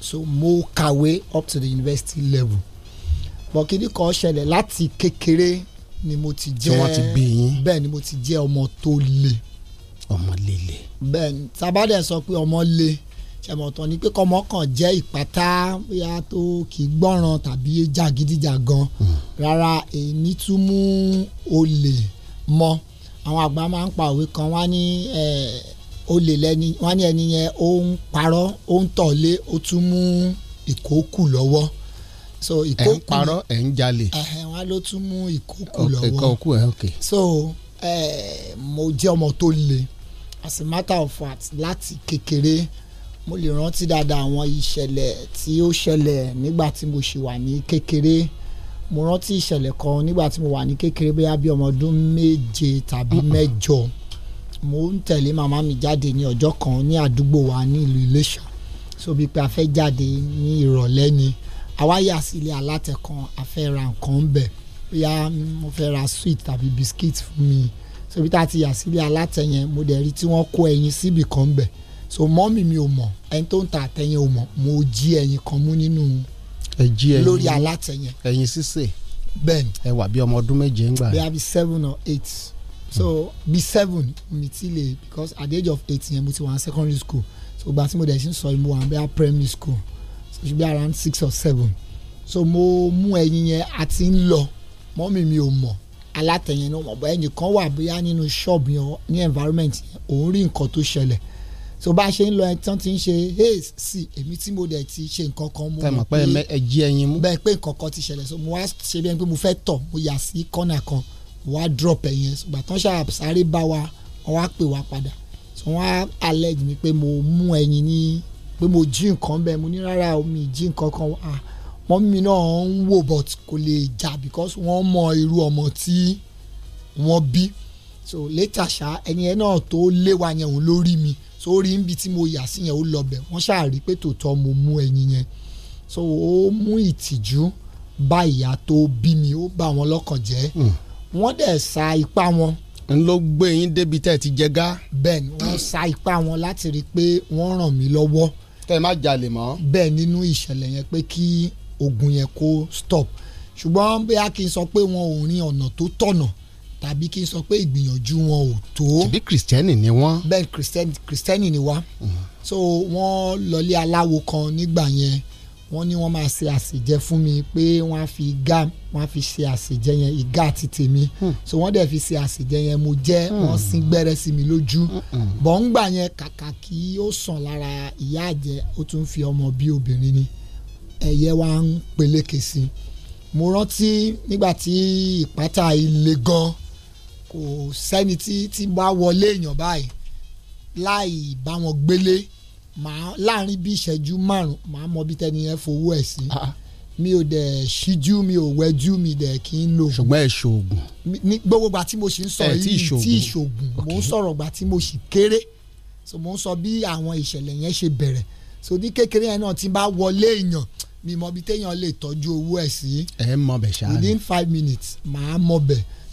so mo kàwé up to the university level but kíní kan ṣẹlẹ̀ láti kékeré ni mo ti jẹ́ tí wọ́n ti bí ni mo ti jẹ́ ọmọ tó le. ọmọ líle. bẹ́ẹ̀ ni sábàdẹ̀ sọ pé ọmọ le ṣẹ̀mọ̀tàn ni pé kọ́mọ kan jẹ́ ìpátá bóyá tó kì í gbọ́ràn tàbí jàgídíjàgan hmm. rárá èyí tún mú olè mọ́ àwọn àgbà máa ń pa òwe kan wá ní ẹ̀ẹ́ olè lẹ́ni wọ́n á ní ẹni yẹn ó ń parọ́ ó ń tọ̀lé ó tún mú ìkókù lọ́wọ́ so ìkókù ẹ̀ ń parọ́ ẹ̀ ń jalè ẹ̀hẹ̀ wọ́n á ló tún mú ìkókù lọ́wọ́ ìkókù ẹ̀ ok so eh, mo jẹ́ ọmọ tó le as a matter of fact láti kékeré mo lè rántí dáadáa àwọn ìṣẹ̀lẹ̀ tí ó ṣẹlẹ̀ nígbà tí mo ṣì wà ní kékeré mo rántí ìṣẹ̀lẹ̀ kan nígbà tí mo wà ní kékeré bóyá bí ọmọ ọdún méje tàbí mẹ́jọ. Uh -uh mo ń tẹ̀lé màmá mi jáde ní ọjọ́ kan ní àdúgbò wa ní ìlú Iléṣà so bíi pé a fẹ́ jáde ní ìrọ̀lẹ́ ni àwa yà sí ilé alátẹ kan a fẹ́ ra nǹkan bẹ̀ bóyá mo fẹ́ ra sweet tàbí biscuit fún mi so bí tá a ti yà sí ilé yẹn mo dẹ̀ rí tí wọ́n kó ẹyin síbì kan bẹ̀ so mọ́mì mi ò mọ̀ ẹni tó ń ta àtẹ̀yìn ò mọ̀ mo jí ẹyin kan mú nínú lórí alátẹ yẹn ẹyin sísè bẹ́ẹ̀ni ẹ wà ọmọ ọdún méje ń gbà bí seven or eight so B seven mi ti le because at the age of eighteen yẹn mo ti wà secondary school so gba tí mo dẹ̀ sí sọ mo wà ní primary school so she be around six or seven so mo mu ẹyin yẹn àti ń lọ mọ́mì mi ò mọ̀ alátẹ̀yìn náà mọ̀ bọ́ ẹnì kan wà bóyá nínú ṣọ́ọ̀bù yẹn ní environment yẹn òun rí nǹkan tó ṣẹlẹ̀ so bá a ṣe ń lọ ẹni tán ti ń ṣe hey sí èmi tí mo dẹ̀ ti ṣe nǹkan kan mo mọ̀ pé ẹjí ẹyin mú bẹ́ẹ̀ pé nǹkan kan ti ṣẹlẹ̀ so mo wá ṣe bí ẹni pé mo fẹ́ tọ̀ mo yà sí kọ́nà kan wọ́n á drop ẹ̀ yẹn ṣùgbọ́n tán ṣáà sáré bá wa wọ́n pè wá padà so wọ́n allege mi pé mo mú ẹyin ní pé mo jí nǹkan bẹ́ẹ̀ mo ní rárá mi jí nǹkan kan ah mọ́mí mi náà ń wò but kò lè jà because wọ́n mọ irú ọmọ tí wọ́n bí so later ṣá ẹni yẹn náà tó léwa yẹn òun lórí mi so ó rí níbi tí mo yà sí yẹn ó lọ bẹ̀ wọ́n ṣáà rí pé tòótọ́ mo mú ẹyin yẹn so ó mú ìtìjú bá ìyá tó bí mi ó bà wọ́n lọ́kàn jẹ́. Mm wọ́n dẹ̀ sa ipá wọn. n ló gbé yín débi tẹ́ ẹ ti jẹ gá. bẹ́ẹ̀ ni wọ́n sa ipá wọn láti rí i pé wọ́n ràn mí lọ́wọ́. tẹ́ ẹ má jalè mọ́. bẹ́ẹ̀ nínú ìṣẹ̀lẹ̀ yẹn pé kí ogun yẹn kó stop ṣùgbọ́n bí a kì í sọ pé wọn ò rin ọ̀nà tó tọ̀nà tàbí kí n sọ pé ìgbìyànjú wọn ò tó. tìbí kìrìsìtẹ́nì ni wọ́n. bẹ́ẹ̀ kìrìsìtẹ́nì ni wá. Mm-hmm. so wọ́n lọlé aláwo kan nígbà yẹn wọ́n ní wọ́n máa ṣe àṣejẹ fún mi pé wọ́n á fi igá wọ́n á fi ṣe àṣejẹ yẹn igá àti tèmi hmm. so wọ́n dẹ̀ fi ṣe àṣejẹ yẹn mo jẹ hmm. wọ́n sín gbẹ́rẹ́ sí mi lójú hmm. bọ̀ ń gbà yẹn kàkà kí ó sàn lára ìyá àjẹ ó tún fi ọmọ bí obìnrin ni ẹ̀yẹ wa ń peléke sí i mo rántí nígbà tí ìpátá ilé gan kò sẹ́ni tí tí bá wọlé èèyàn báyìí láì bá wọn gbélé màá láàrin bí ìṣẹ́jú márùn màá mọ bí tẹni yẹn fowó ẹ̀ sí ah, ah. mi ò dẹ̀ ṣíjú mi ò wẹ́jú mi dẹ̀ kí n lò. ṣùgbọ́n ẹ ṣoògùn. ní gbogbo gbà tí mo ṣì ń sọ yìí tí ìṣoògùn mò ń sọ̀rọ̀ gbà tí mo ṣì kéré so mò ń sọ bí àwọn ìṣẹ̀lẹ̀ yẹn ṣe bẹ̀rẹ̀ so ní kékeré yẹn náà tí bá wọlé èèyàn mi mọ bí téèyàn lè tọ́jú owó ẹ̀ sí. ẹ mọ bẹ ṣáà ni within five minutes màá mọ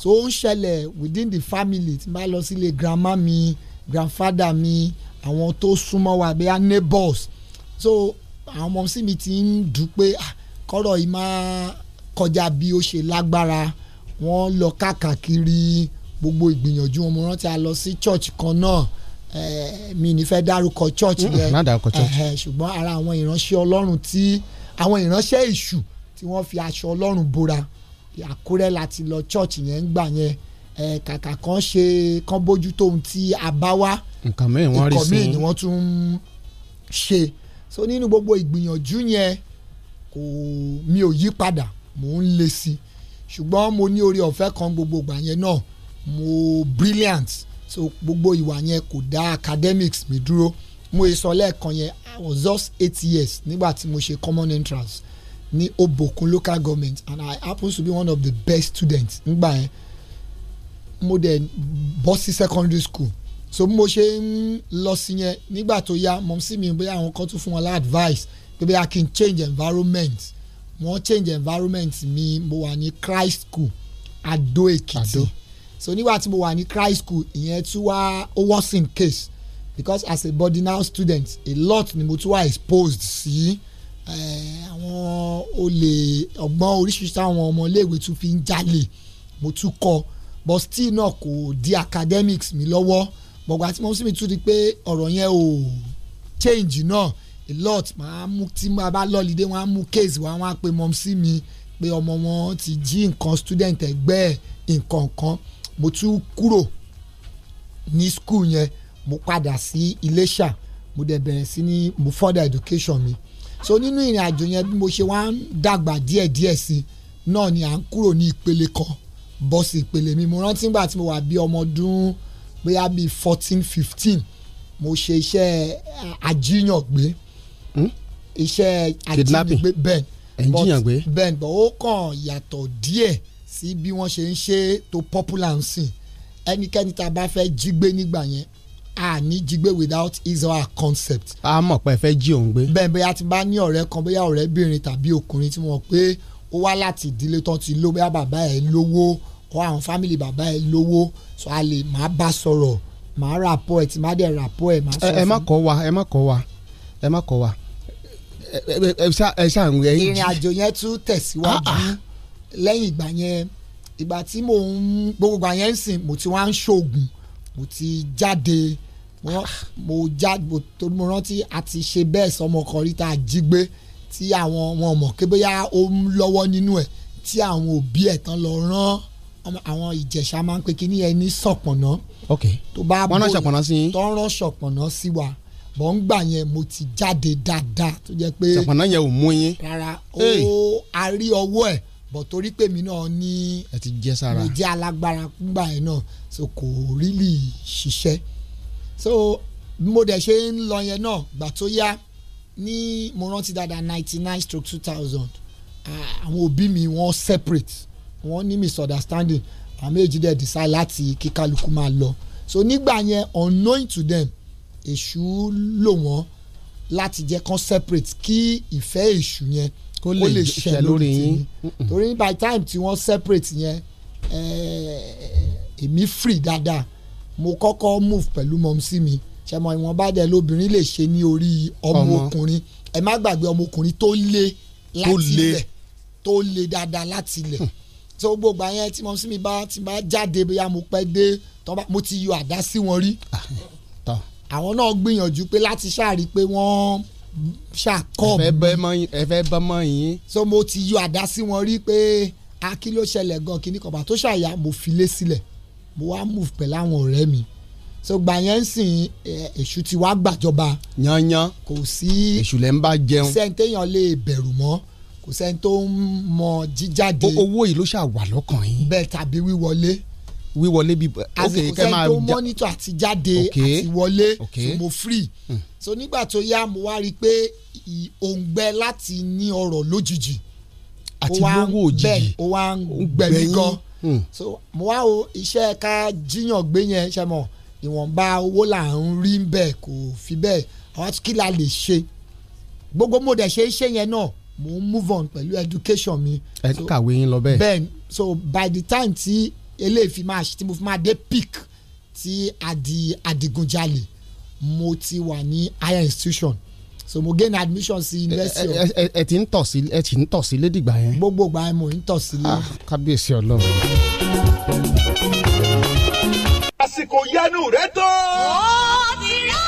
so ó ń ṣẹlẹ̀ within the family tí n bá lọ sílé grandma mi grandfather mi àwọn tó súnmọ́ wa bí a neighbors so àwọn ọmọ sí mi ti ń dùn pé ah, kọ́rọ̀ yìí máa kọjá bí ó ṣe lágbára wọ́n lọ káàkiri gbogbo ìgbìyànjú wọn mo rántí a lọ sí church kan náà eh, mi ní fẹ́ dárúkọ church yẹn ṣùgbọ́n ara àwọn ìránṣẹ́ ọlọ́run tí àwọn ìránṣẹ́ èṣù tí wọ́n fi aṣọ ọlọ́run bora àkúrẹ́ láti lọ church yẹn ń gbà yẹn ẹ kàkà kan ṣe kan bójú tó ohun tí a bá wá nǹkan mìíràn wọ́n rí sí nǹkan mìíràn ni wọ́n tún ń ṣe so nínú gbogbo ìgbìyànjú yẹn kò mi ò yí padà mò ń le sí i ṣùgbọ́n mo ní orí ọ̀fẹ́ kan gbogbo ìgbà yẹn náà mo brilliant so gbogbo ìwà yẹn kò dá academics mi dúró mo sọ lẹ́ẹ̀kan yẹn I was just eight years nígbà tí mo ṣe common entrance ní Obokun local government and I happen to be one of the best students nígbà yẹn mo dẹ̀ bọ́ sí secondary school so mo ṣe ń lọ sí yẹn nígbà tó yá mọ̀ sí mi bóyá àwọn kan tún fún wọn lá advice pé bóyá kí n change environment wọ́n change environment mi mo wà ní Christ school Adó Èkìtì so nígbà tí mo wà ní Christ school ìyẹn tún wá ó in case because as a boarding house student a lot ni mo tún wá exposed sí eh, àwọn olè ọgbọ́n oríṣiríṣi àwọn ọmọ iléèwé tún fi ń jalè mo tún kọ́ ọ but still náà kò di academics mi lọ́wọ́ bọ̀gbà tí mo sì mi tún di pé ọ̀rọ̀ yẹn ò change náà a lot máa mú tí mo bá lọ́lídé wọn á mú case wọn á pe mọ́ sí mi pé ọmọ wọn ti jí nǹkan student ẹgbẹ́ nǹkan kan mo tún kúrò ní school yẹn mo padà sí Iléṣà mo dẹ̀ bẹ̀rẹ̀ sí ní mo further education mi so nínú ìrìn àjò yẹn bí mo ṣe wá ń dàgbà díẹ̀díẹ̀ sí náà ni à ń kúrò ní ìpele kan bọ́ sí ìpele mi mo rántí nígbà tí mo wà bí ọmọ ọdún bóyá bíi fourteen fifteen mo ṣe iṣẹ́ ajíyàngbé hmm? iṣẹ́ ajínigbé bẹ́ẹ̀ bẹ́ẹ̀ bọ́ ó kàn yàtọ̀ díẹ̀ sí bí wọ́n ṣe ń ṣe tó popular nsìn ẹnikẹ́ni tá a bá fẹ́ jí gbé nígbà yẹn a ní jí gbé without his or her concept. a mọ̀ pé ẹ fẹ́ jí òun gbé. bẹ́ẹ̀ bóyá ti bá ní ọ̀rẹ́ kan bóyá ọ̀rẹ́bìnrin tàbí ọkùnrin tí mo mọ̀ pé ó wá láti ìdílé tán ti lówó bá bàbá ẹ̀ lówó ọ àwọn fámìlì bàbá ẹ̀ lówó so a lè máa bá sọ̀rọ̀ máa rapport ẹ̀ tí máa dẹ̀ rapport ẹ̀ máa sọ fún. ẹ má kọ́ wa ẹ má kọ́ wa ẹ má kọ́ wa ẹ ṣáà ń rẹ. ìrìn àjò yẹn tún tẹ̀síwájú ah, ah. lẹ́yìn ìgbà yẹn ìgbà tí mò ń gbogbo ìgbà yẹn ń sìn mo ti wá ń ṣoògùn mo ti jáde mo já mo torí mo rántí a ti ṣe bẹ́ẹ̀ sọmọ kan rí tá a jí gbé tí àwọn wọn mọ̀ pé bóyá ó ń lọ́wọ́ nínú ẹ̀ tí àwọn òbí ẹ̀ tán lọ rán àwọn ìjẹ̀ṣà máa ń pe kí ní ẹni sọ̀pọ̀nà tó bá bóyá tó rán sọ̀pọ̀nà sí wa bọ̀ ń gbà yẹn mo ti jáde dáadáa tó jẹ́ pé sọ̀pọ̀nà yẹn ò mú yín rárá ó a rí ọwọ́ ẹ̀ bọ̀ torí pé mi náà ní mo jẹ́ alágbára gbà yẹn náà so kò rílì ṣiṣẹ́ so mo dẹ̀ ṣe ń lọ yẹn náà gbà tó yá ní mo rántí dáadáa ninety nine stroke two thousand àwọn òbí mi wọ́n separate wọ́n ní misunderstanding àwọn méjì dẹ̀ decide láti kí kálukú máa lọ so nígbà yẹn unknowing to them èṣù lò wọ́n láti jẹ́ kán separate kí ìfẹ́ èṣù yẹn kó lè ṣẹ lórí yín torí by time tí wọ́n separate yẹn eh, èmi eh, free dada. mo kọ́kọ́ move pẹ̀lú mọ́mísí mi. Si ṣẹmọ ìwọ̀nba dẹ̀ lóbìnrin lè ṣe ní orí ọmọ ọkùnrin ẹ má gbàgbé ọmọ ọkùnrin tó lé láti ilẹ̀ tó lé dáadáa láti ilẹ̀ tó hmm. gbogbo àyẹn tí mo sì mi bá ti bá jáde bóyá mo pẹ́ dé mo ti yọ àdá sí wọn rí ah, àwọn náà gbìyànjú pé láti ṣáàrí pé wọ́n ṣàkọ́ ẹ fẹ́ bọ́ mọ́ yín. so mo ti yọ àdá sí wọn rí pé a ah, kí ló ṣẹlẹ̀ gan kíní kan bá tó ṣàyà mo filé sílẹ̀ mo wá move pẹ̀lú àwọn ọ̀rẹ́ mi so gbà yẹn sìn èṣù tí wàá gbàjọba. yanyan kò sí èṣù lẹ́ ń bá jẹun kò sẹ́ńtẹ́yàn lè bẹ̀rù mọ́ kò sẹ́ni tó ń mọ jíjáde. owó yìí ló ṣàwà lọ́kàn yín. bẹ́ẹ̀ tàbí wíwọlé. wíwọlé bí ok kẹ́ máa ja kò sẹ́ni tó mọ́nítọ̀ àti jáde àti wọlé tí mo free. Hmm. so nígbà tó yá mo wá rí i pé òǹgbẹ láti ní ọrọ̀ lójijì. àti lówó òjijì ó wá ń gbẹ̀mí gan. Hmm. so mo wá o iṣẹ́ ká jiyàn gbé yẹn ṣe mọ̀ ìwọ̀nba owó là ń rí bẹ́ẹ̀ kò fi bẹ́ẹ̀ àwọn kí la lè ṣe gbogbo mo dẹ̀ ṣe é ṣe yẹn náà mo ń move on pẹ̀lú education mi. ẹ ti kàwé yín lọ bẹ́ẹ̀. bẹ́ẹ̀ so by the time tí eléyìí fi máa ṣe tí mo fi máa dé peak tí adi adigunjalè mo ti wà ní higher institution so mo gain admission sí university. ẹ ẹ ti ń tọ̀ sí ẹ ti ń tọ̀ sí lédìgbà yẹn. gbogbo ìgbà yẹn mo ń tọ̀ sí ah, kábíyèsí ọlọ́run àsìkò yanu rẹ tó. ó ti rẹ́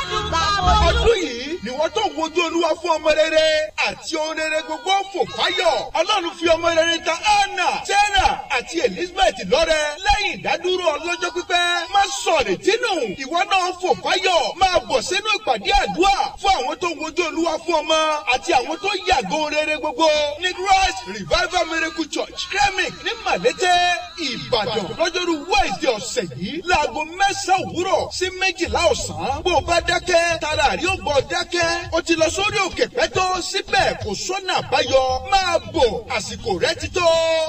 àdùpàbọ̀. ọdún yìí ni wọ́n tó wojú olúwa fún ọmọ rere àti ohun rere gbogbo fò fáyọ̀. Ọlọ́run fi ọmọ rere ta Anna, Sarah àti Elizabeth lọ́rẹ. Lẹ́yìn ìdádúró ọlọ́jọ́ pípẹ́, má sọ̀rọ̀ tínú. Ìwọ náà fò fáyọ̀. Máa bọ̀ sínú ìpàdé àdúrà fún àwọn tó wojú Olúwa fún ọmọ àti àwọn tó yàgò rere gbogbo. Ní Christ Revival Miracle Church, Kremik ní Màlété, Ìbàdàn lọ́jọ́rú Wẹ́ẹ̀sì ọ̀sẹ̀ yìí láago mẹ́sàn-án òwúrọ̀ sí méjìlá ọ̀sán. Bó o bá dákẹ́, tara àrí ò dákẹ́. O ti lọ sórí òkè pẹ́tọ́ síbẹ̀ bẹ́ẹ̀ kò sọ́nà àbáyọ máa bọ̀ àsìkò rẹ ti tó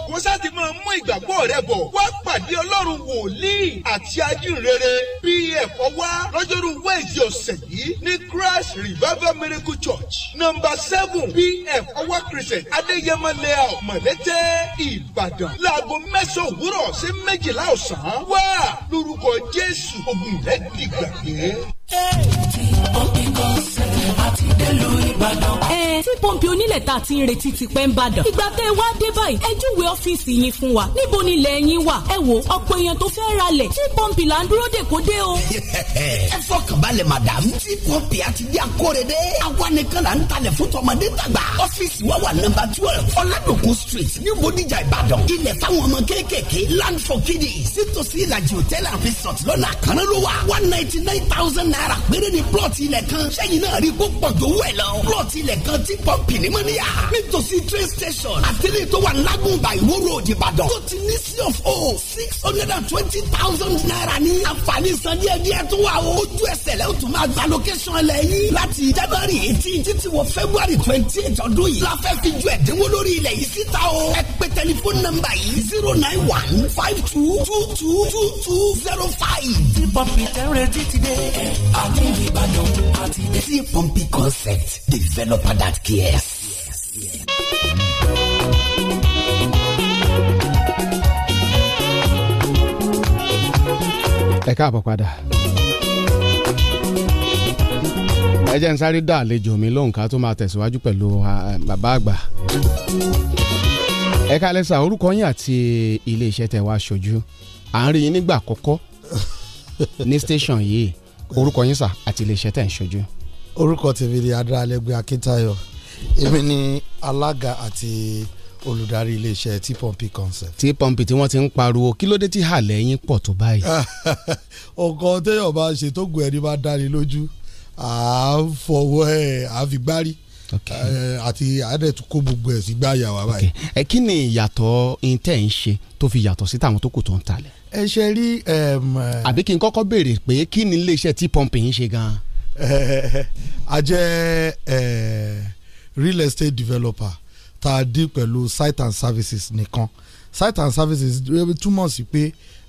kó sáti máa mú ìgbàgbọ́ rẹ bọ̀ wá pàdé ọlọ́run wòlíì àti ajínrere pf ọwá lọ́jọ́rú wẹ́ẹ̀sì ọ̀sẹ̀ yìí ní christ revival miracle church number seven pf ọwá christian adéyẹmọ layout mọ̀lẹ́tẹ̀ ìbàdàn láago mẹ́sàn-án òwúrọ̀ sí méjìlá ọ̀sán wá lórúkọ jésù ogun tí pọ́ǹpì onílẹ̀ tá a ti ń retí ti pẹ́ ń bàdàn. ìgbà tẹ́ ẹ wá dé báyìí ẹ júwe ọ́fíìsì yín fún wa. níbo ni ilẹ̀ yín wà? ẹ wo ọ̀pọ̀ èèyàn tó fẹ́ ra lẹ̀ tí pọ́ǹpì là ń dúró dè kó dé o. *laughs* ẹ fọkàn balẹ̀ madam tí pọ́ǹpì àti bí akóredé. àwa nìkan là ń talẹ̀ fún tọmọdé tàgbà. ọ́fíìsì wa wà nọ́mbà twelve ọ̀làdòkun street ní bodijà ìbàdàn. ilẹ̀ fáwọn ọmọ kéékèèké land for kiddies. sítòsí ìlàjì hòtẹ́ẹ̀lì àfisọ̀t lọ́nà àkànlélówà one ninety nine thousand náírà péré ni plọ̀tì ilẹ̀ kan sẹ́yìn náà rí kó pọ̀ jówó ẹ̀ lọ. plọ̀tì ilẹ̀ kan ti pọ́ǹpì ní mọ́níyà train station àtẹlẹ́ tó wà lágùnbà ìwó road ìbàdàn tó ti ní sí of o six hundred and twenty thousand naira. ní àǹfààní san díẹ̀ díẹ̀ tó wà o ojú ẹsẹ̀ lẹ́yìn tó máa gba location ẹlẹ́ yìí láti january eighteen títí wọ february twenty eight ọdún yìí la fẹ́ fi ju ẹ̀dínwó lórí ilẹ̀ yìí síta o ẹ pè tẹlifóònù nọ́mbà yìí zero nine one five two two two two two zero five. tí pọ́ǹpì tẹ́ ń retí ti dé àti ìbàdàn àti ìdẹ́sí pọ́ǹpì concept developer that cares. ẹ káàbọ̀ padà ẹ jẹ́ ń sáré dá àlejò mi lóhùn ká tó máa tẹ̀síwájú pẹ̀lú bàbá àgbà ẹ kálẹ́ sà orúkọ yín àti ilé iṣẹ́ tẹ̀ wá aṣojú à ń rí yín nígbà àkọ́kọ́ ní station yìí orúkọ yín sà àti iléeṣẹ́ tẹ̀ ń ṣojú. orúkọ tèmi ni adaralẹ́gbẹ́ akíntayọ̀ èmi ni alága àti olùdarí iléeṣẹ́ tí pọ́ǹpì concept. tí pọ́ǹpì tí wọ́n ti ń pariwo kí ló dé tí àlẹ́ yín pọ̀ tó báyìí. ọkọ *laughs* téèyàn bá ṣe tó gùn ẹni bá dáni lójú à ń fọwọ́ ẹ̀ à ń fi gbárí àti àádẹ́tù kó gbogbo ẹ̀ sí gbáyàwó báyìí. ẹ kí ni ìyàtọ̀ intẹ́ ń ṣe tó fi yàtọ̀ sí tàwọn tó kù tó ń talẹ̀ ẹ ṣe rí. àbí kí n kọ́kọ́ béèrè pé kí ni iléeṣẹ́ tí pọ́ǹpì yín ṣe gan-an. *laughs* a jẹ́ real estate developer tá a dín pẹ̀lú site and services nìkan site and services túmọ̀ sí pé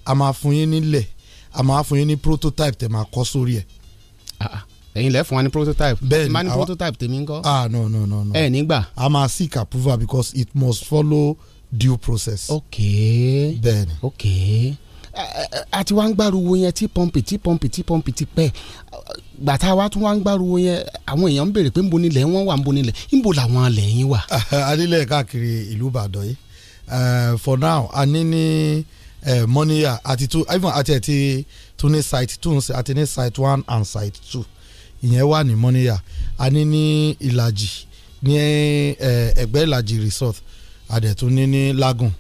a máa fún yín nílẹ̀ a máa fún yín ní prototype tẹ̀ máa kọ́ sórí ẹ̀. Ah, ah. ẹ̀yin lẹ fún wa ní prototype bẹ́ẹ̀ni máa ní prototype tèmi ń ah no no no no ẹ nígbà. a máa seek approval because it must follow due process. ok bẹ́ẹ̀ni ok àti wá ń gbàrúwo yẹn tí pọ́ǹpì tí pọ́ǹpì tí pọ́ǹpì ti pẹ́ gbàtà wa tún wá ń gbàrúwo yẹn àwọn èèyàn ń béèrè pé ńbo nílẹ̀ wọ́n wà ńbo nílẹ̀ ńbo làwọn alẹ̀ yín wà. anílẹ̀ káàkiri ìlú Ìbàdàn yìí eh, for now a ní ní eh, mọ́níyà àti tún even àti ẹ̀ ti tún ní site two àti ní site one and site two ìyẹn wà ní mọ́níyà a ní ní ìlàjì ní eh, ẹ̀gbẹ́ ìlàjì resort a ní ní lagun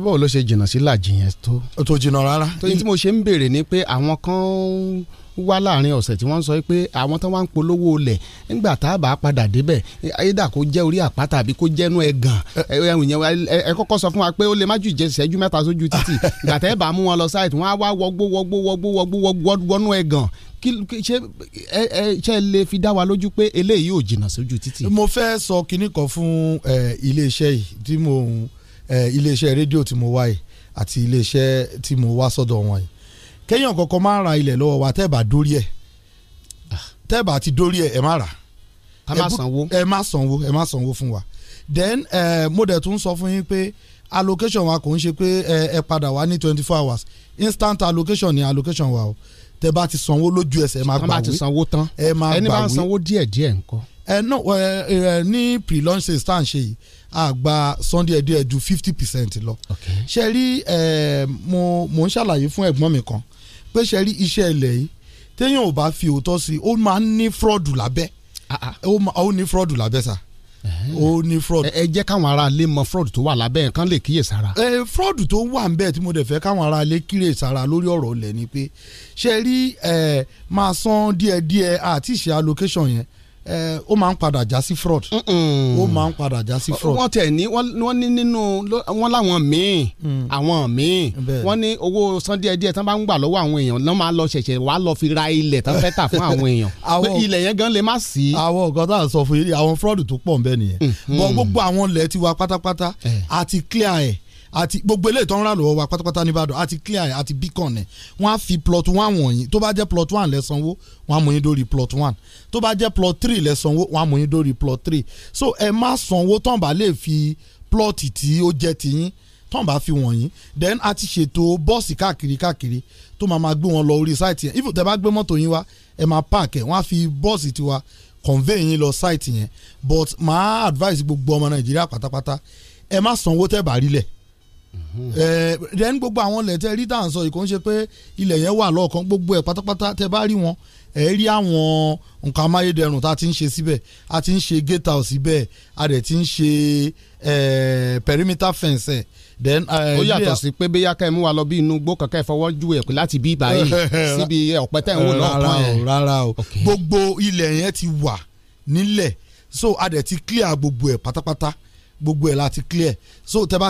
báwo ló ṣe jìnnà sí làjì yẹn tó. o tó jìnnà rárá. torí tí mo ṣe ń béèrè ni pé àwọn kan wá láàrin ọ̀sẹ̀ tí wọ́n ń sọ pé àwọn tán wá ń polówó olẹ̀ nígbà tá a bá padà débẹ̀ ayédà kó jẹ́ orí àpáta àbí kó jẹ́nu ẹ̀gàn ẹ kọ́kọ́ sọ fún wa pé ó lè má jù jẹ́ ìṣẹ́jú mẹ́ta sójú títì nígbà tẹ́ bá mú wọn lọ sáìtì wọ́n á wá wọgbó wọgbó wọgbó wọgbó wọnú ẹ̀gàn ṣé ẹ ṣe lè fi dá wa lójú pé eléyìí ò jìnnà sójú títì. mo fẹ́ sọ kinní kan fún iléeṣẹ́ yìí tí mo iléeṣẹ́ rédíò tí mo wá yìí àti iléeṣẹ́ tí mo wá sọ́dọ̀ wọn yìí kéèyàn kọ̀ọ̀kan máa ń ra ilẹ̀ lọ́wọ́ wa tẹ́ẹ̀bà dórí ẹ̀ ah. tẹ́ẹ̀bà ti dórí ẹ̀ ẹ̀ má rà ẹ má sanwó ẹ má sanwó ẹ má sanwó fún wa then mo dẹ̀ tún sọ fún yín pé allocation wa kò ń ṣe pé ẹ padà wá ní twenty four hours instant allocation ni allocation wa o tẹ ti sanwó lójú ẹsẹ̀ ẹ máa gbàwé ẹ máa ti sanwó tán ẹ máa gbàwé ẹni bá ń sanwó díẹ̀ díẹ̀ ẹ náà ní pre-launch sales tá à ń ṣe yìí àgbà sunday ẹdí ẹdú fifty percent lọ. ṣe rí eh, mo mo ń ṣàlàyé fún ẹ̀gbọ́n mi kan pé ṣe rí iṣẹ́ ilẹ̀ yìí téèyàn ò bá fi òótọ́ sí i ó máa ń ní fúrọ́ọ̀dù lábẹ́ ah, ah. ó ní fúrọ́ọ̀dù lábẹ́ sà ó ní fraud. Eh. ẹ jẹ́ káwọn ará ilé mọ fraud tó wà lábẹ́ nǹkan lè kíyè sára. ẹ eh, fraud tó wà ń bẹ̀ tí mo dẹ̀ fẹ́ káwọn ará ilé kíyè sára lórí ọ̀rọ̀ ilẹ̀ ni pé ṣe rí máa san díẹ̀díẹ̀ àti ṣe allocation yẹn ó máa ń padà já sí fraud. ó máa ń padà já sí fraud. wọ́n tẹ̀ ní wọ́n ní nínú wọ́n láwọn míì mm. àwọn míì wọ́n ní owó san díẹ̀ díẹ̀ tán bá ń gbà lọ́wọ́ àwọn èèyàn náà máa lọ ṣẹ̀ṣẹ̀ wàá lọ fi ra ilẹ̀ tán fẹ́ tà fún àwọn èèyàn *laughs* pé ilẹ̀ yẹn gan lè má sí. àwọn nǹkan tá à ń sọ fún yìí àwọn fraud tó pọ̀ nbẹ nìyẹn mm-hmm. bọ gbogbo àwọn ilẹ̀ tiwa pátápátá àti eh. clear ẹ̀ àti gbogbo eléyìí tó ń rà lọ́wọ́ wa pátápátá nìbàdàn àti clear àti beacon ẹ̀ wọ́n á fi plot one wọ̀nyí tó bá jẹ́ plot one lẹ́sanwó wọ́n á mú yín dórí plot one tó bá jẹ́ plot three lẹ́sanwó wọ́n á mú yín dórí plot three so ẹ má sanwó tán bá lè fi plot tí ó jẹ́ tiyín tán bá fi wọ̀nyí then a ti ṣètò bọ́ọ̀sì káàkiri káàkiri tó máa máa gbé wọn lọ orí sáìtì yẹn if tẹ bá gbé mọ́tò yín wá ẹ máa páàkì ẹ̀ wọ́n á fi bọ́ọ̀sì tiwa convey yín lọ site yẹn but máa advice gbogbo ọmọ nàìjíríà pátápátá ẹ má sanwó tẹ́ bá rí lẹ̀ then gbogbo àwọn ilẹ̀ tẹ́ rí tá à ń sọ yìí kò ń ṣe pé ilẹ̀ yẹn wà lọ́ọ̀kan gbogbo ẹ̀ pátápátá tẹ́ bá rí wọn ẹ̀ rí àwọn nǹkan amáyédẹrùn tá a ti ń ṣe síbẹ̀ a ti ń ṣe gate house bẹ́ẹ̀ a dẹ̀ ti ń ṣe perimeter fence ẹ̀ then. ó yàtọ̀ sí pé bóyá ká ẹ mú wa lọ bí inú igbó kankan ẹ fọwọ́ ju ẹ̀kú láti bí ibà yìí *laughs* síbi ọ̀pẹ tẹ̀ ń wò lọ́ọ̀kan yẹn. rárá o gbogbo ilẹ̀ yẹn ti wà so a clear gbogbo ẹ̀ pátápátá gbogbo ẹ̀ clear so tẹ́ bá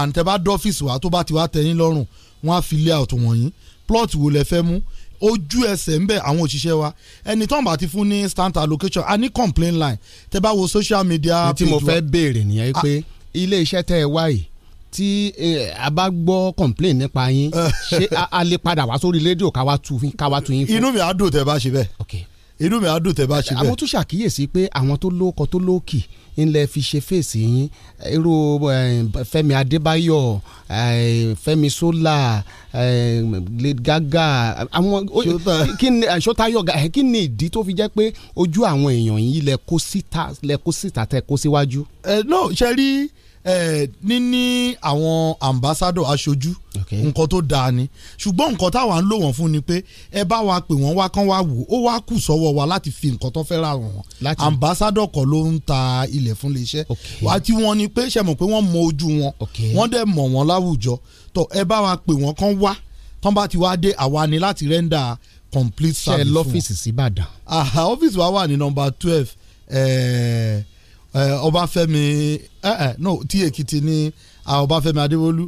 àǹtẹ̀ bá dọ́fíìsì wa tó bá ti wá tẹ̀yìn lọ́rùn wọ́n á fi layout wọ̀nyí plot wo lẹ fẹ́ mú ojú ẹsẹ̀ ń bẹ̀ àwọn òṣìṣẹ́ wa ẹni tán ti fún ní standard allocation a ní complain line tẹ bá wo social media page wa. ní tí mo fẹ́ béèrè nìyẹn pé ilé iṣẹ́ tẹ́ ẹ wáyìí tí a bá gbọ́ complain nípa yín *laughs* ṣé a lè padà wá sórí rédíò ká wá tu yín fún. inú mi á dùn tẹ bá ṣe bẹ́ẹ̀ inú mi á dùn tẹ bá ṣe bẹ́ẹ̀. àwọn tún ṣàkíyèsí pé àwọn tó lóko tó lókì ńlẹ̀ fi ṣe fèsì yín irú eh, Fẹ́mi Adébáyọ̀ eh, Fẹ́mi Sola eh, Lady Gaga àwọn Ṣótayọ̀ kí ni ìdí tó fi jẹ́ pé ojú àwọn èèyàn yìí lẹ kó síta tẹ kó síwájú. ẹ náà ṣe rí. No, níní àwọn ambassador aṣojú nǹkan tó dáa ni ṣùgbọ́n nǹkan táwa ń lò wọ́n fún ni pé ẹ bá wa pè wọ́n wá kán wá wò ó wá kù sọ́wọ́ wa láti fi nǹkan tó fẹ́ ra wọn ambassador kọ́ ló ń ta ilẹ̀ fún iléeṣẹ́ àti wọn ni pé ṣe mọ̀ pé wọ́n mọ ojú wọn wọ́n dẹ̀ mọ̀ wọ́n láwùjọ tó ẹ bá wa pè wọ́n kán wá tán bá ti wá dé àwa ni láti rẹ́ńdà complete service fún wọn. ṣe lọ́fíìsì sí Ìbàdàn. ọ́fíìsì wa wà ní nọmba twelve ọbáfẹ́mi no tí èkìtì ní ọbáfẹ́mi adéwọlú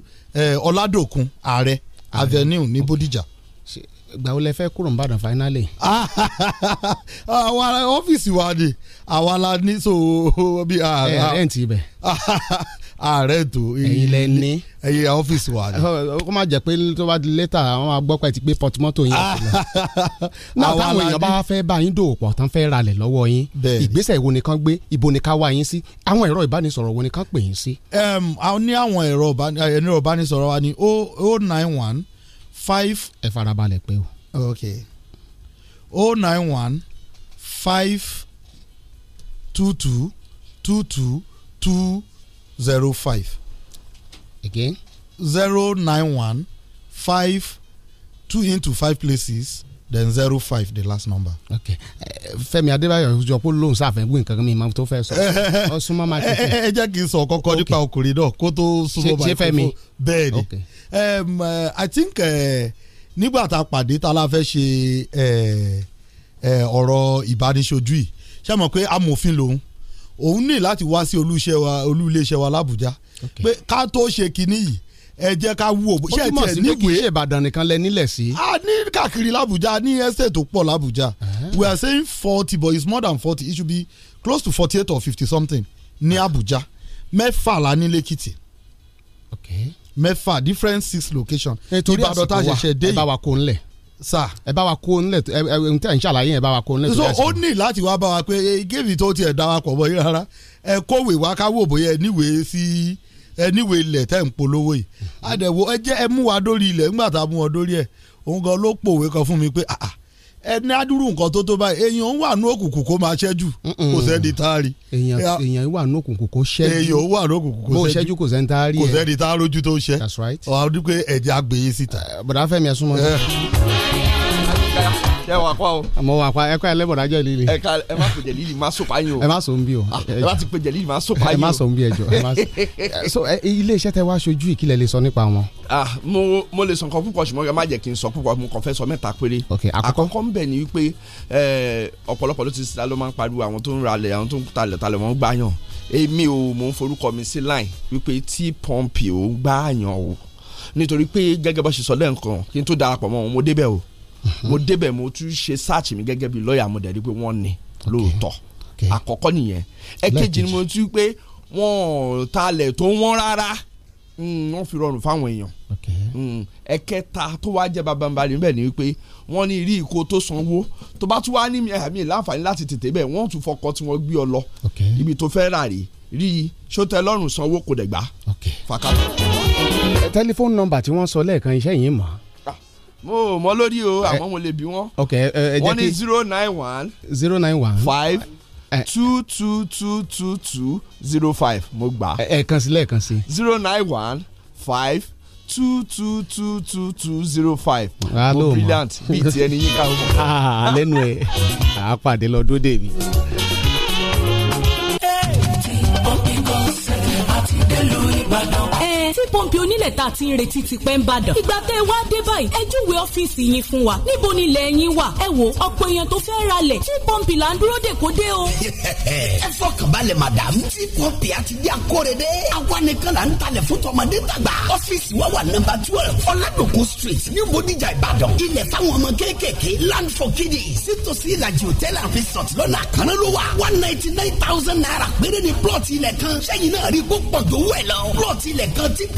ọládòkun ààrẹ avenue ní bódìjà gbà wo lẹ fẹ́ kúrò nìbàdàn finally. *laughs* àwa ọ́fíìsì wa ni àwa la ní so *laughs* bí. ẹ ẹ ń tì í bẹ ààrẹ ètò ilẹ̀ ní ẹ̀yẹ ọ́fíìsì wa ni. ó máa jẹ́ pé tó bá di létà àwọn agbọ́pẹ́ ti pé pọtumọ́tò yín àti lọ. *laughs* náà táwọn èèyàn bá fẹ́ bá yín dòwò pọ̀ tán fẹ́ ralẹ̀ lọ́wọ́ yín ìgbésẹ̀ wo nìkan gbé ibo nìkan wá yín sí àwọn ẹ̀rọ ìbánisọ̀rọ̀ wo nìkan pè yín sí. a ní àwọn ẹ̀rọ ìbánisọ̀rọ̀ wa ni o nine one five. ẹ farabalẹ̀ pé o. o nine one five two two two two two zero five. again. zero nine one five two into five places then zero five the last number. ok Fẹ́mi Adébáyọ̀ jọ pé lóun sáfẹ gbé nǹkan mi máa tó fẹ́ sọ ọ súnmọ́ máa kí n. ẹ jẹ́ kí n sọ kọ́kọ́ nípa ọkùnrin náà kó tó súnmọ́ máa kí n fún bẹ́ẹ̀ ni um, eh, i think eh, nígbà tá a pàdé tá a la fẹ́ ṣe eh, ọ̀rọ̀ ìbániṣojú yìí ṣé mo pé amòfin lòun òun ní láti wá sí olúṣẹ́ wa olúléṣẹ́ wa làbújá pé ká tó ṣe kinní yìí ẹ jẹ́ ká wú òbó. ó túmọ̀ sí pé kì í ṣe Ìbàdàn nìkan lẹ nílẹ̀ sí. a ní káàkiri làbújá ní estate tó pọ̀ làbújá ah. we are saying forty but it's more than forty it should be close to forty eight or fifty something ní Àbújá ah. mẹ́fà la ní lẹ́kìtì mẹ́fà different six location Ìbàdàn tá a ṣẹ̀ṣẹ̀ dé yìí ẹ bá wa kó ń lẹ̀ sà ẹ bá wa kó nílẹ̀ ẹ ẹ n ṣàlàyé ẹ bá wa kó so ó ní láti wá bá wa pé eh, géèmì tó tiẹ̀ dá wa bọ́ yìí rárá ẹ kówè wá ká wò bóyá ẹ sí ẹ ilẹ̀ tẹ̀ ń polówó yìí àdẹ̀wò wa dórí ilẹ̀ ńgbà tá a mú wa dórí ẹ̀ òun gan ló kan fún mi pé àà ah, ah, ẹni adúrú nǹkan tó tó báyìí èèyàn ń wà ní òkùnkùn kó máa ṣẹ́jú kò sẹ́ni tá èèyàn wà ní òkùnkùn kó ṣẹ́jú èèyàn wà ní òkùnkùn kó ṣẹ́jú kò sẹ́ni tá kò sẹ́ni tá a tó ṣẹ́. that's right. ọ̀ ẹ̀jẹ̀ àgbèyé síta. bọ̀dá fẹ́mi ẹ̀ súnmọ́ ṣe wà pa o. àmọ́ wà pa ẹ̀ka ẹlẹ́bọ̀dá jẹ́ líle. ẹ̀ka ẹ má pè jẹ̀lílì má sòpá yín o. ẹ má sọ ń bí o. Ah, ẹ má ti pè jẹ̀lílì má sòpá yín o. ẹ má sọ ń bí ẹjọ. so ilé iṣẹ́ tẹ wá aṣojú ìkílẹ̀ lè sọ nípa wọn. ah mo mo lè sọ nǹkan púpọ̀ ṣùgbọ́n ẹ má jẹ́ kí n sọ púpọ̀ mo kàn fẹ́ sọ mẹ́ta péré. àkọ́kọ́ ń bẹ̀ ni wípé ọ̀pọ̀lọpọ̀ ló ti sá ló máa ń pariwo àwọn tó ń ralẹ̀ àwọn tó ń talẹ̀ talẹ̀ wọ́n gbáyàn èmi ò mò ń forúkọ mi sí line wípé tí pọ́ǹpì ò ń gbáyàn o nítorí pé gẹ́gẹ́ bá ṣe sọ lẹ́ǹkan kí n tó darapọ̀ mọ́ wọn mo débẹ̀ o mo débẹ̀ mo tún ṣe sáàchì mi gẹ́gẹ́ bí lọ́ọ̀yà mo dẹ̀ pé wọ́n ní lóòótọ́ àkọ́kọ́ nìyẹn ẹ̀kejì ni mo tún pé wọn talẹ̀ tó wọ́n rárá hmm, wọ́n fi rọrùn fáwọn èèyàn hmm, ẹ̀kẹta tó wá jẹ́ babambarì níbẹ̀ ni wípé wọ́n ní rí ìkó tó sanwó tó bá tún wá ní àmì láǹfààní láti tètè bẹ̀ wọ́n tún fọkọ tí wọ́n gbé ọ lọ ibi tó fẹ́ rà rèé rí sọtẹ lọ́rùn sanwó kò dẹ̀ tẹlifóònù nọ́mbà tí wọ́n sọ lẹ́ẹ̀kan iṣẹ́ yìí mọ̀ mo ò mọ lórí o eh. àmọ́ mo lè bí wọ́n. ok ẹ eh, eh, jẹ́ kí wọ́n ní zero nine one. zero nine one. five two two two two two zero five mo gbà. ẹ ẹ kan sí lẹ́ẹ̀kan sí. zero nine one five two two two two two zero five. Ah, mo brilliant bíi ti ẹni yín ká mọ̀. *laughs* Ah, lẹ́nu ẹ̀ àá pàdé lọ dóde mi. pọ́ǹpì onílẹ̀ tá a ti ń retí ti pẹ́ ń bàdàn. ìgbà tẹ́ ẹ wá dé báyìí ẹ júwe ọ́fíìsì yín fún wa níbo ni ilẹ̀ yín wà ẹ wo ọ̀pọ̀ èèyàn tó fẹ́ ra lẹ̀ tí pọ́ǹpì là ń dúró dè kó dé o. *laughs* ẹ fọkàn balẹ̀ madam tí pọ́ǹpì àti bí akóredé àwa nìkan là ń talẹ̀ fún tọmọdé tàgbà. ọ́fíìsì wa wà nọ́mbà twelve ọ̀làdòkun street ní bodijà ìbàdàn ilẹ̀ fáwọn ọmọ kéékèèké land for kiddies sítòsí ìlàjì hòtẹ́ẹ̀lì àfi sọ̀tì lọ́nà àkànná ló wà one ninety nine thousand naira péré ni plọ̀tì ilẹ̀ kan sẹ́yìn náà rí kó pọ̀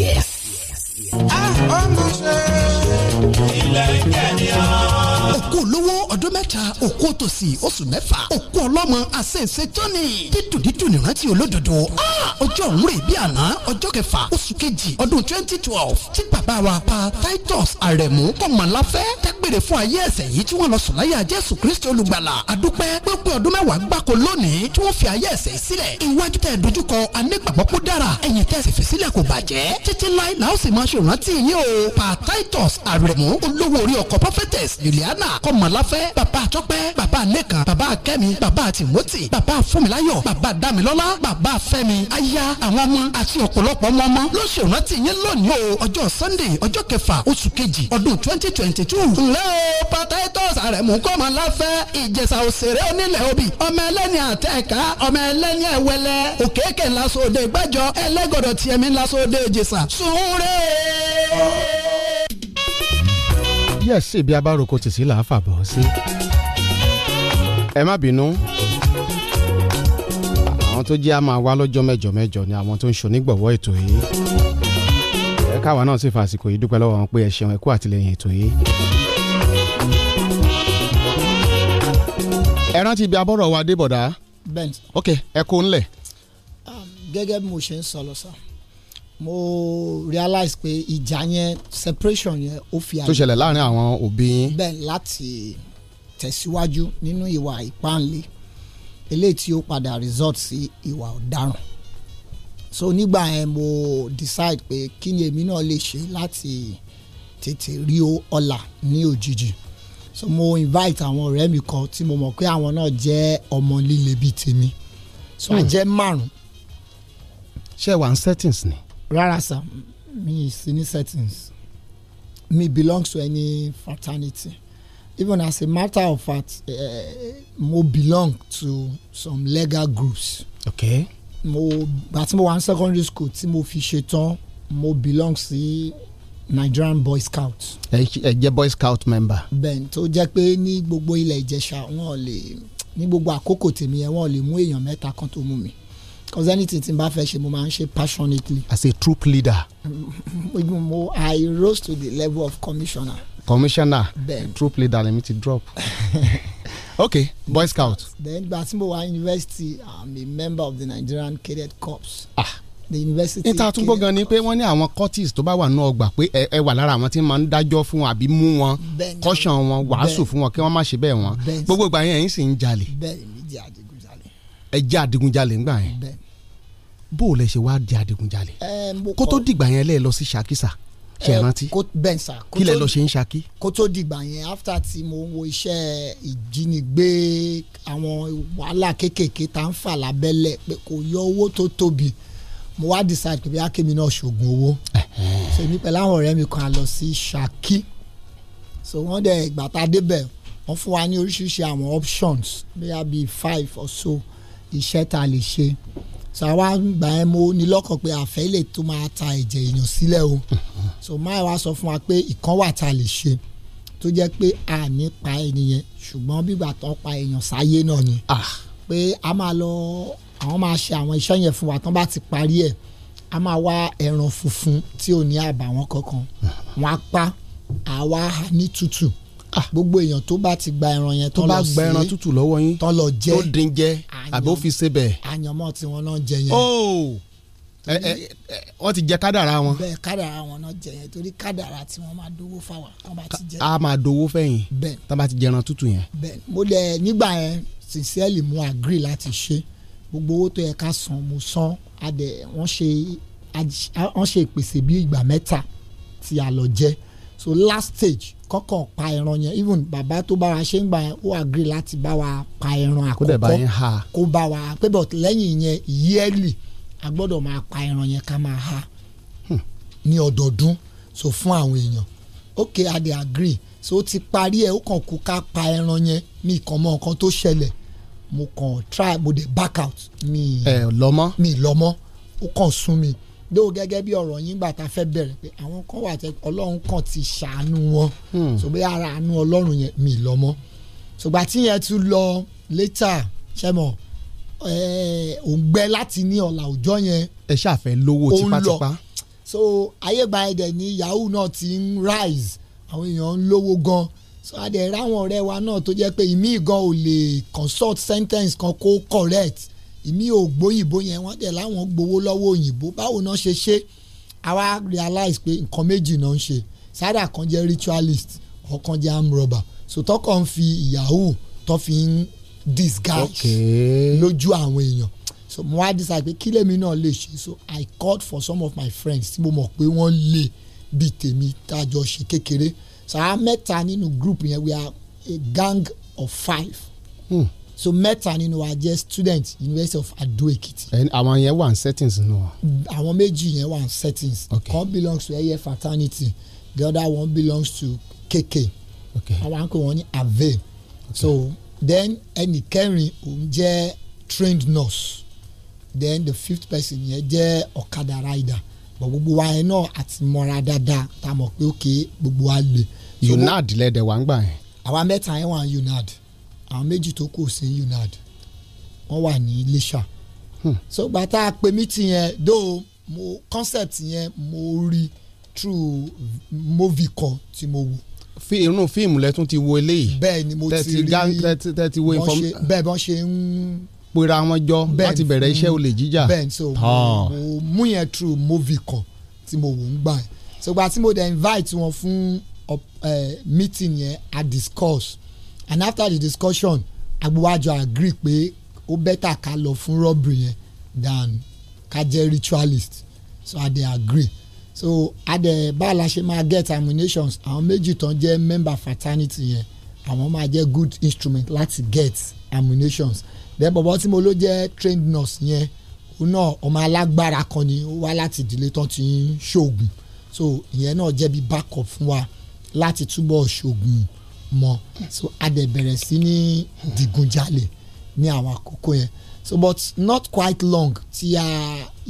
yes. yes. yes. Ah, ọmọ ṣe ilẹ̀ òkú olówó ọdún mẹ́ta òkú òtòṣì oṣù mẹ́fà òkú ọlọ́mọ àṣeéṣe tóní dídùn dídùn ìrántí olódodo ọjọ́ òun rè bí àná ọjọ́ kẹfà oṣù kejì ọdún twenty twelve tí bàbá wa pa titus àrẹ̀mú kọ̀mọ̀láfẹ́ dágbére fún ayé ẹ̀ṣẹ̀ yìí tí wọ́n lọ sùn láyé jésù kristi olùgbàlà àdúpẹ́ pé ọdún mẹ́wàá gbáko lónìí tí wọ́n fi ayé ẹ̀ṣẹ̀ sílẹ̀ iwájú tẹ̀ dojúkọ anígbàgbọ́ kó dára ẹ̀yìn tẹ̀ sì fi sílẹ̀ kò bàjẹ́ títí láì láò sì máa ṣèrántí yín o pa titus àrẹ̀mú olówó orí ọkọ̀ prophetess juliana kọmọláfẹ́ bàbá tọ́pẹ́ bàbá lẹ́kàn bàbá kẹ́mi bàbá tìmọ́tì bàbá fúnmiláyọ̀ bàbá dámilọ́lá bàbá fẹ́mi aya àwọn ọmọ àti ọ̀pọ̀lọpọ̀ ọmọ ọmọ ló ṣe ìrántí yín lónìí o ọjọ́ sunday ọjọ́ kẹfà oṣù kejì ọdún twenty twenty two. ǹlẹ́ o potatoes àrẹ̀mú kọmọláfẹ́ ìjẹsà òṣèré onílẹ̀ obì ọmọ ẹlẹ́ni àtẹ̀ká ọmọ ẹlẹ́ni ẹ̀wẹ̀lẹ̀ òkèèkè lasọ̀ọ́dẹ̀ gbẹ́jọ ẹlẹ́gọ̀dọ̀ tiẹ̀mí lasọ̀ọ́dẹ̀ ìjẹsà sùúrẹ́ yes ibi abároko tìsí là á fàbọ̀ sí. ẹ má bínú àwọn tó jẹ́ a máa wá lọ́jọ́ mẹ́jọ mẹ́jọ ni àwọn tó ń ṣonígbọ̀wọ́ ètò yìí ẹ káwa náà sì fa àsìkò yìí dúpẹ́ lọ́wọ́ wọn pé ẹ ṣeun ẹ àtìlẹyìn ètò yìí. ẹ rántí ibi abọ́rọ̀ wa dé bọ̀dá. bẹ́ẹ̀ni. ok ẹ kó ńlẹ̀. gẹ́gẹ́ bí mo ṣe ń sọ lọ sá mo realize pé ìjà yẹn separation yẹn ó fi àyè. tó ṣẹlẹ̀ láàrin àwọn òbí yín. bẹ́ẹ̀ láti tẹ̀síwájú nínú ìwà ìpáǹle eléyìí tí ó padà result sí ìwà ọ̀daràn so nígbà yẹn mo decide pé kí ni èmi náà lè ṣe láti tètè rí ọlà ní òjijì so mo invite àwọn ọ̀rẹ́ mi kan tí mo mọ̀ pé àwọn náà jẹ́ ọmọ líle bíi tèmi so hmm. a jẹ́ márùn. ṣé wàá settings ni rárá sir mi is any settings me belongs to any fraternity even as a matter of fact uh, mo belong to some legal groups. okay. mo gba tí mo wà secondary school tí mo fi ṣetán mo belong sí Nigerian Boy Scout. ẹ ẹ jẹ́ Boy Scout member. bẹ́ẹ̀ tó jẹ́ pé ní gbogbo ilẹ̀ Ìjẹ̀ṣà wọn ò lè ní gbogbo àkókò tèmi yẹn wọn ò lè mú èèyàn mẹ́ta kan tó mú mi because anything tí n bá fẹ́ ṣe mo máa ń ṣe passionately. as a troop leader. mo I rose to the level of commissioner. commissioner then troop leader lèmi ti drop. *laughs* okay boy scout. then gba tí mo wà university i'm a member of the Nigerian cadet corps. ah the university cadet corps. níta túnbọ̀ gan ni pé wọ́n ní àwọn cortis tó bá wà nù ọgbà pé ẹ wà lára àwọn tí máa ń dájọ́ fún wọn àbí mú wọn kọ́ṣàn wọn wàásù fún wọn kí wọ́n má ṣe bẹ́ẹ̀ wọn gbogbo ìgbà yẹn ẹ̀yin sì ń jalè. bẹ́ẹ̀ mi jalè ẹ jẹ́ adigunjalè ńgbà yẹn bó o lẹ ṣe wá di adigunjalè kó tó dìgbà yẹn lẹ lọ sí ṣakísà ṣe kí lẹ lọ ṣe ń ṣakí. kó tó dìgbà yẹn after tí mo wo iṣẹ́ ìjínigbé àwọn wàhálà kéékèèké tá ń fà lábẹ́lẹ̀ pé kò yọ owó tó tóbi mo wá decide pé bí akémi náà ṣoògùn owó ṣèmi pẹ̀lú àwọn ọ̀rẹ́ mi kan lọ sí ṣakí so wọ́n dẹ̀ ìgbà tá a débẹ̀ wọ́n fún wa ní oríṣiríṣi àwọn options bóyá bíi five or so iṣẹ́ tá a lè ṣe so àwa gbà ẹ́ mo ní lọ́kàn pé àfẹ́ lè tó máa ta ẹ̀jẹ̀ èèyàn sílẹ̀ o *laughs* so máa wá sọ fún wa pé ìkan wà tá a lè ṣe tó jẹ́ pé a ní pa ènìyàn ṣùgbọ́n bígbà tó pa èèyàn sáyé náà ni ah. pé a máa lọ àwọn máa ṣe àwọn iṣẹ́ yẹn fún wa tán bá ti parí ẹ̀ a máa wá ẹran funfun tí ò ní àbàwọ́n kankan *laughs* wọn á pa àwa ní tútù Ah. gbogbo èèyàn tó bá ti gba ẹran yẹn tó bá gba ẹran tútù lọ́wọ́ yín tó lọ jẹ tó dín jẹ àbí ó fi ṣe bẹ́ẹ̀. àyànmọ́ tí wọ́n náà jẹ yẹn. ooo oh! ẹ ẹ wọ́n ti jẹ kádàrà wọn. bẹ́ẹ̀ kádàrà wọn náà jẹ yẹn torí kádàrà tí wọ́n máa dówó fáwa wọ́n bá ti jẹ. a máa dówó fẹ̀yìn bẹ́ẹ̀ tá a bá ti jẹ ẹran tútù yẹn. bẹ́ẹ̀ mo lẹ nígbà yẹn sincerely mo agree láti ṣe gbogbo owó tó yẹ ká san mo san adẹ wọ́n ṣe ìpèsè bí ìgbà mẹ́ta tí a lọ so last stage kọ́kọ́ pa ẹran yẹn even bàbá tó bá wa ṣe ń gbà ó agree láti bá wa pa ẹran àkọ́kọ́ kó bá wa pé but lẹ́yìn yẹn yearly a gbọ́dọ̀ máa pa ẹran yẹn ká máa ha hmm. ní ọdọọdún so fún àwọn èèyàn ok i dey agree so ó ti parí ẹ̀ ó kàn kú ká pa ẹran yẹn ní ìkànnì ọ̀kan tó ṣẹlẹ̀ mo kàn try mo dey back out mi. ẹ lọmọ mi lọmọ ó kàn sún mi dó gẹ́gẹ́ bí ọ̀rọ̀ yín gbà tá a fẹ́ bẹ̀rẹ̀ pé àwọn kan wà tẹ ọlọ́run kan ti ṣàánú wọn hmm. so bí ara àánú ọlọ́run yẹn mi lọ ṣùgbọ́n tí yẹn tún lọ létà ṣẹ́mọ̀ òǹgbẹ láti ní ọ̀la òjọ́ yẹn. ẹ ṣàfẹ́ lówó tipátipá. so ayégbà ẹ̀dẹ̀ ni yahoo náà ti ń rise àwọn èèyàn ń lówó gan so adẹ̀ ráwọn ọ̀rẹ́ wa náà tó jẹ́ pé ìmí gan ò lè consult sentence kan kó correct ìmí ò gbóyìnbó yẹn wọ́n dẹ̀ láwọn gbowó lọ́wọ́ òyìnbó báwo náà ṣe ṣe àwa realize pé nǹkan méjì náà ń ṣe sádà kan jẹ́ ritualist ọ̀kan jẹ́ arm robber sòtọ́ so, kan fi yahoo tó fi ń disguise lójú àwọn èèyàn so mo wá decide pé kí lèmi náà lè ṣe so i called for some of my friends tí mo mọ̀ pé wọ́n lè bí tèmi tájọ ṣe kékeré so àwọn mẹ́ta nínú group yẹn we are a gang of five. Hmm so mẹ́ta nínú wa jẹ́ student University of Ado Ekiti. àwọn yẹn wà ní settings nù. àwọn méjì yẹn wà ní settings okay. one belongs to eye fraternity the other one belongs to KK Okay. àwọn àǹkó wọn ní ave Okay. so then ẹnì kẹrin òun jẹ́ trained nurse then the fifth person yẹn jẹ́ ọ̀kadà rider bọ̀ gbogbo wa yẹn náà àti mọ́ra dáadáa tá a mọ̀ pé òkè gbogbo wa lè. unad lẹ́dẹ̀ wá ń gbà yẹn. àwa mẹ́ta yẹn wà ní unad àwọn méjì tó kù sí unad wọ́n wà ní Iléṣà hmm. so gba tá a pe mítì yẹn dó mo concept yẹn mo rí through movie kan tí mo wò irun fíìmù lẹ́tún ti wo eléyìí. bẹ́ẹ̀ ni mo ti rí tẹ́tí wo information. bẹ́ẹ̀ bọ́n ṣe ń. pera wọn jọ láti bẹ̀rẹ̀ iṣẹ́ olè jíjà. bẹ́ẹ̀ so mo mú yẹn through movie kan tí mo wò ń gbà yẹn so gba tí mo dẹ̀ invite wọn fún uh, meeting yẹn a discuss and after the discussion agbowájọ agree pé ó better ká lọ fún robbery yẹn than ká jẹ́ ritualist so i dey agree so i dey báwo la ṣe máa get ammunitions àwọn méjì tán jẹ́ member fraternity yẹn àwọn máa jẹ́ good instrument láti get ammunitions then bọ̀bọ̀ tí mo ló jẹ́ trained nurse yẹn òun náà ọmọ alágbára kan ni ó wá láti ìdílé tán ti ń ṣoògùn so ìyẹn náà jẹ́ bí backup fún wa láti túbọ̀ ṣoògùn mọ̀ so a dẹ̀ bẹ̀rẹ̀ sí ní digunjalè ní àwọn àkókò yẹn so but not quite long tí a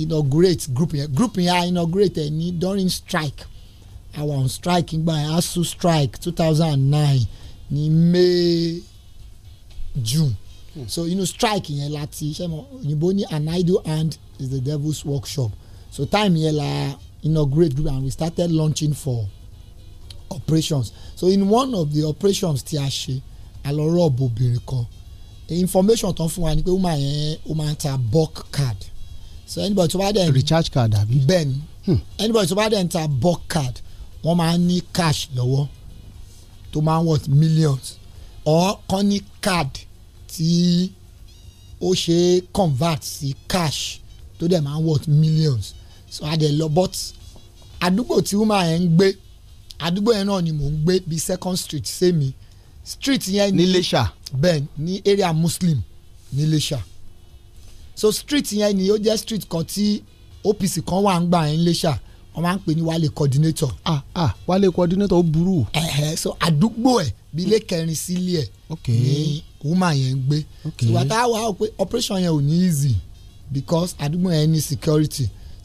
inaugurate group yẹn group yẹn a inaugurate ẹ̀ ní during strike àwa on strike ìgbà yẹn ASUU strike two thousand and nine ní May June hmm. so inú you know, strike yẹn láti ṣe mọ òyìnbó ní an idle hand is the devil's workshop so time yẹn la inaugurate group and we started launching for operations so in one of the operations tí a ṣe a lọ rọ́ọ̀bù obìnrin kan information tán fún wa ni pé ó máa yẹn ó máa ta bulk card so anybody tó bá dẹ̀ recharge card àbí bẹ́ẹ̀ hmm. anybody tó bá dẹ̀ ń ta bulk card wọ́n máa ní cash lọ́wọ́ tó máa ń worth millions or kàn ní card tí ó ṣe convert sí cash tó dẹ̀ máa ń worth millions so a dẹ̀ lọ but àdúgbò tí woman yẹn ń gbé àdúgbò yẹn náà ni mò ń gbé bí second street sẹ́mi street yẹn ni Iléṣà bẹ́ẹ̀ ní area muslim ní Iléṣà so street yẹn ni ó jẹ́ street kan tí OPC kan wà ń gbà yẹn Iléṣà wọ́n máa ń pè ní wálé coordinator. ah ah wale coordinator ó burú. ẹ̀hẹ̀ so àdúgbò ẹ̀ bíi ilé kẹrin sílé ẹ̀ ní woman yẹn ń gbé. ìwà tá a wà ó pé operation yẹn ò ní easy because àdúgbò yẹn ní security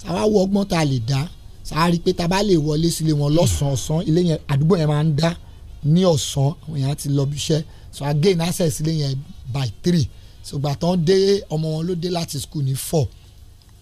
àwa wo ọgbọ́n tá a lè dá sáré pé tá a bá lè wọlé sílé wọn lọ́sàn-án ọ̀sán ilé yẹn àdúgbò yẹn máa ń dá ní ọ̀sán àwọn èèyàn ti lọ bí iṣẹ́ so again access ilé yẹn by three so gbà tán dé ọmọ wọn ló dé láti school ní four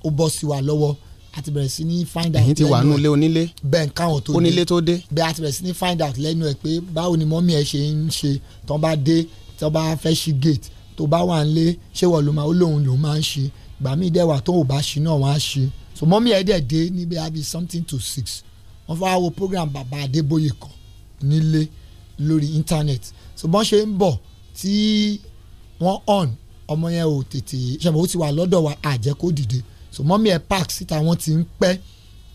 ó bọ́ sí wa lọ́wọ́ a ti bẹ̀rẹ̀ sí ní find out. ẹ̀yin ti wà nù ilé onílé. bẹ́ẹ̀ káwọn tó dé onílé tó dé. bẹ́ẹ̀ a ti bẹ̀rẹ̀ sí ní find out lẹ́nu ẹ̀ pé báwo ni mọ́mí ẹ̀ ṣe ń ṣe tán bá dé tán bá fẹ́ ṣí gate tó bá wà ń lé ṣé wọ́n ló máa ó lóun lòún máa ń ṣe gbàmídẹ́wà tó ò bá ṣí náà wọ́n á ṣe so mọ́mí ẹ̀ dẹ̀ dé níbi àbí something to six wọ́n fọwọ́ wo program Baba Adébóyè kan nílé lórí internet so bọ́n ṣe ń bọ̀ tí wọ́n on ọmọ yẹn ò tètè ṣẹ̀mọ̀ ó ti wà lọ́dọ̀ wa àjẹ́ kó dìde so mọ́mí ẹ̀ park síta wọ́n ti ń pẹ́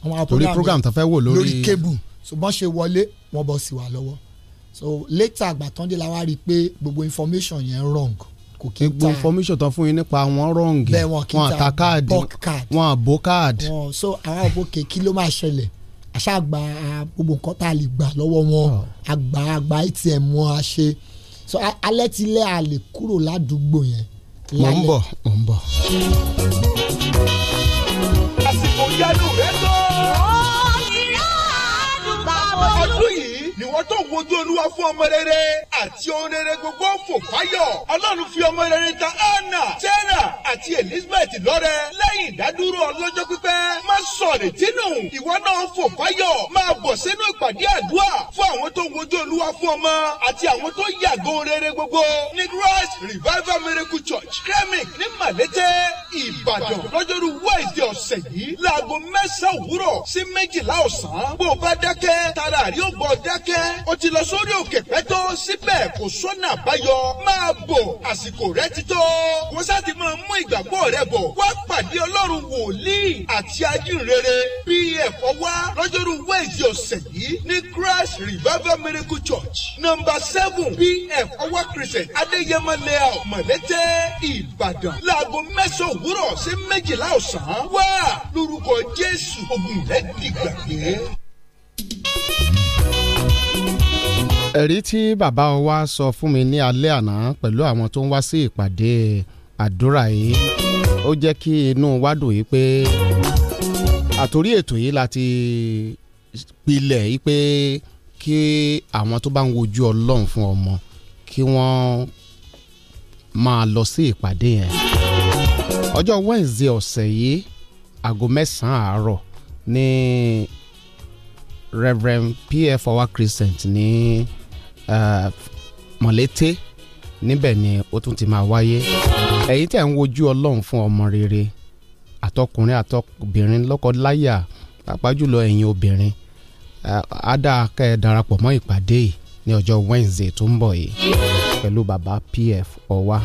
wọ́n program, program tó fẹ́ wò lórí lórí cable so bọ́n ṣe wọlé wọ́n bọ̀ sí wa lọ́wọ́ so later àgbà tán dé la wá rí i pé gbogbo information yẹn wrong kò kí n ta gbogbo information tán fún yín nípa wọn rọǹgì wọn àta káàdì wọn àbó káàdì. so àwọn òbókè kí ló máa ṣẹlẹ̀ àṣà àgbà gbogbo nǹkan tá a lè gbà lọ́wọ́ wọn àgbà àgbà atm wọn a ṣe so alẹ́ ti lẹ́ a lè kúrò ládùúgbò yẹn. mo ń bọ̀ mo ń bọ̀. àsìkò yẹnu rẹ̀. níwọ́n tó wojú olúwa fún ọmọ rere àti ohun rere gbogbo fò fáyọ̀ ọlọ́run fi ọmọ rere ta anna sarah àti elizabeth lọ́rẹ lẹ́yìn ìdádúró ọlọ́jọ́ pípẹ́ má sọ̀rètí nù ìwọ náà fò fáyọ̀ máa bọ̀ sínú ìpàdé àdúrà fún àwọn tó wojú olúwa fún ọmọ àti àwọn tó yàgò rere gbogbo ní christ revival miracle church kremik ní malete ìbàdàn lọ́jọ́rú wẹ́ẹ̀dẹ̀ ọ̀sẹ̀ yìí láago mẹ́sàn-án òwúrọ̀ sí méjìlá ọ̀sán bó bá dákẹ́ tara àrí ó gbọ́ dákẹ́ o ti lọ sórí òkè pẹ́ síbẹ̀ kò sọ́nà àbáyọ máa bọ̀ àsìkò rẹ ti tó. wọ́n sá ti máa mú ìgbàgbọ́ rẹ bọ̀ wá pàdé ọlọ́run wòlíì àti ajínrere pf ọwá lọ́jọ́rú wẹ́ẹ̀sì ọ̀sẹ̀ yìí ní christ revival miracle church number seven pf ọwá christian adéyẹmọ layout mọ̀lẹ́tẹ̀ ìbàdàn láago mẹ́sàn-án òwúrọ̀ sí méjìlá ọ̀sán wá lórúkọ jésù ogun rẹ dìgbà yẹn ẹ̀rí tí bàbá wa sọ fún mi ní alẹ́ àná pẹ̀lú àwọn tó ń wá sí ìpàdé àdúrà yìí ó jẹ́ kí inú wa dùn yìí pé àtòrí ètò yìí láti pilẹ̀ yìí pé kí àwọn tó bá ń wojú ọlọ́run fún ọmọ kí wọ́n máa lọ sí ìpàdé yẹn ọjọ́ Wednesday ọ̀sẹ̀ yìí aago mẹ́sàn-án àárọ̀ ní reverend pf ọwa christent ní eh, mọ̀lété níbẹ̀ ni ó tún ti máa wáyé ẹ̀yin tẹ̀ ń wojú ọlọ́run fún ọmọ rere àtọkùnrin àtọkùnrin lọ́kọláya pàápàá jùlọ ẹ̀yin obìnrin eh, adáàkẹ́ darapọ̀ mọ́ ìpàdé yìí ní ọjọ́ wednesday tó ń bọ̀ yìí pẹ̀lú bàbá pf ọwa.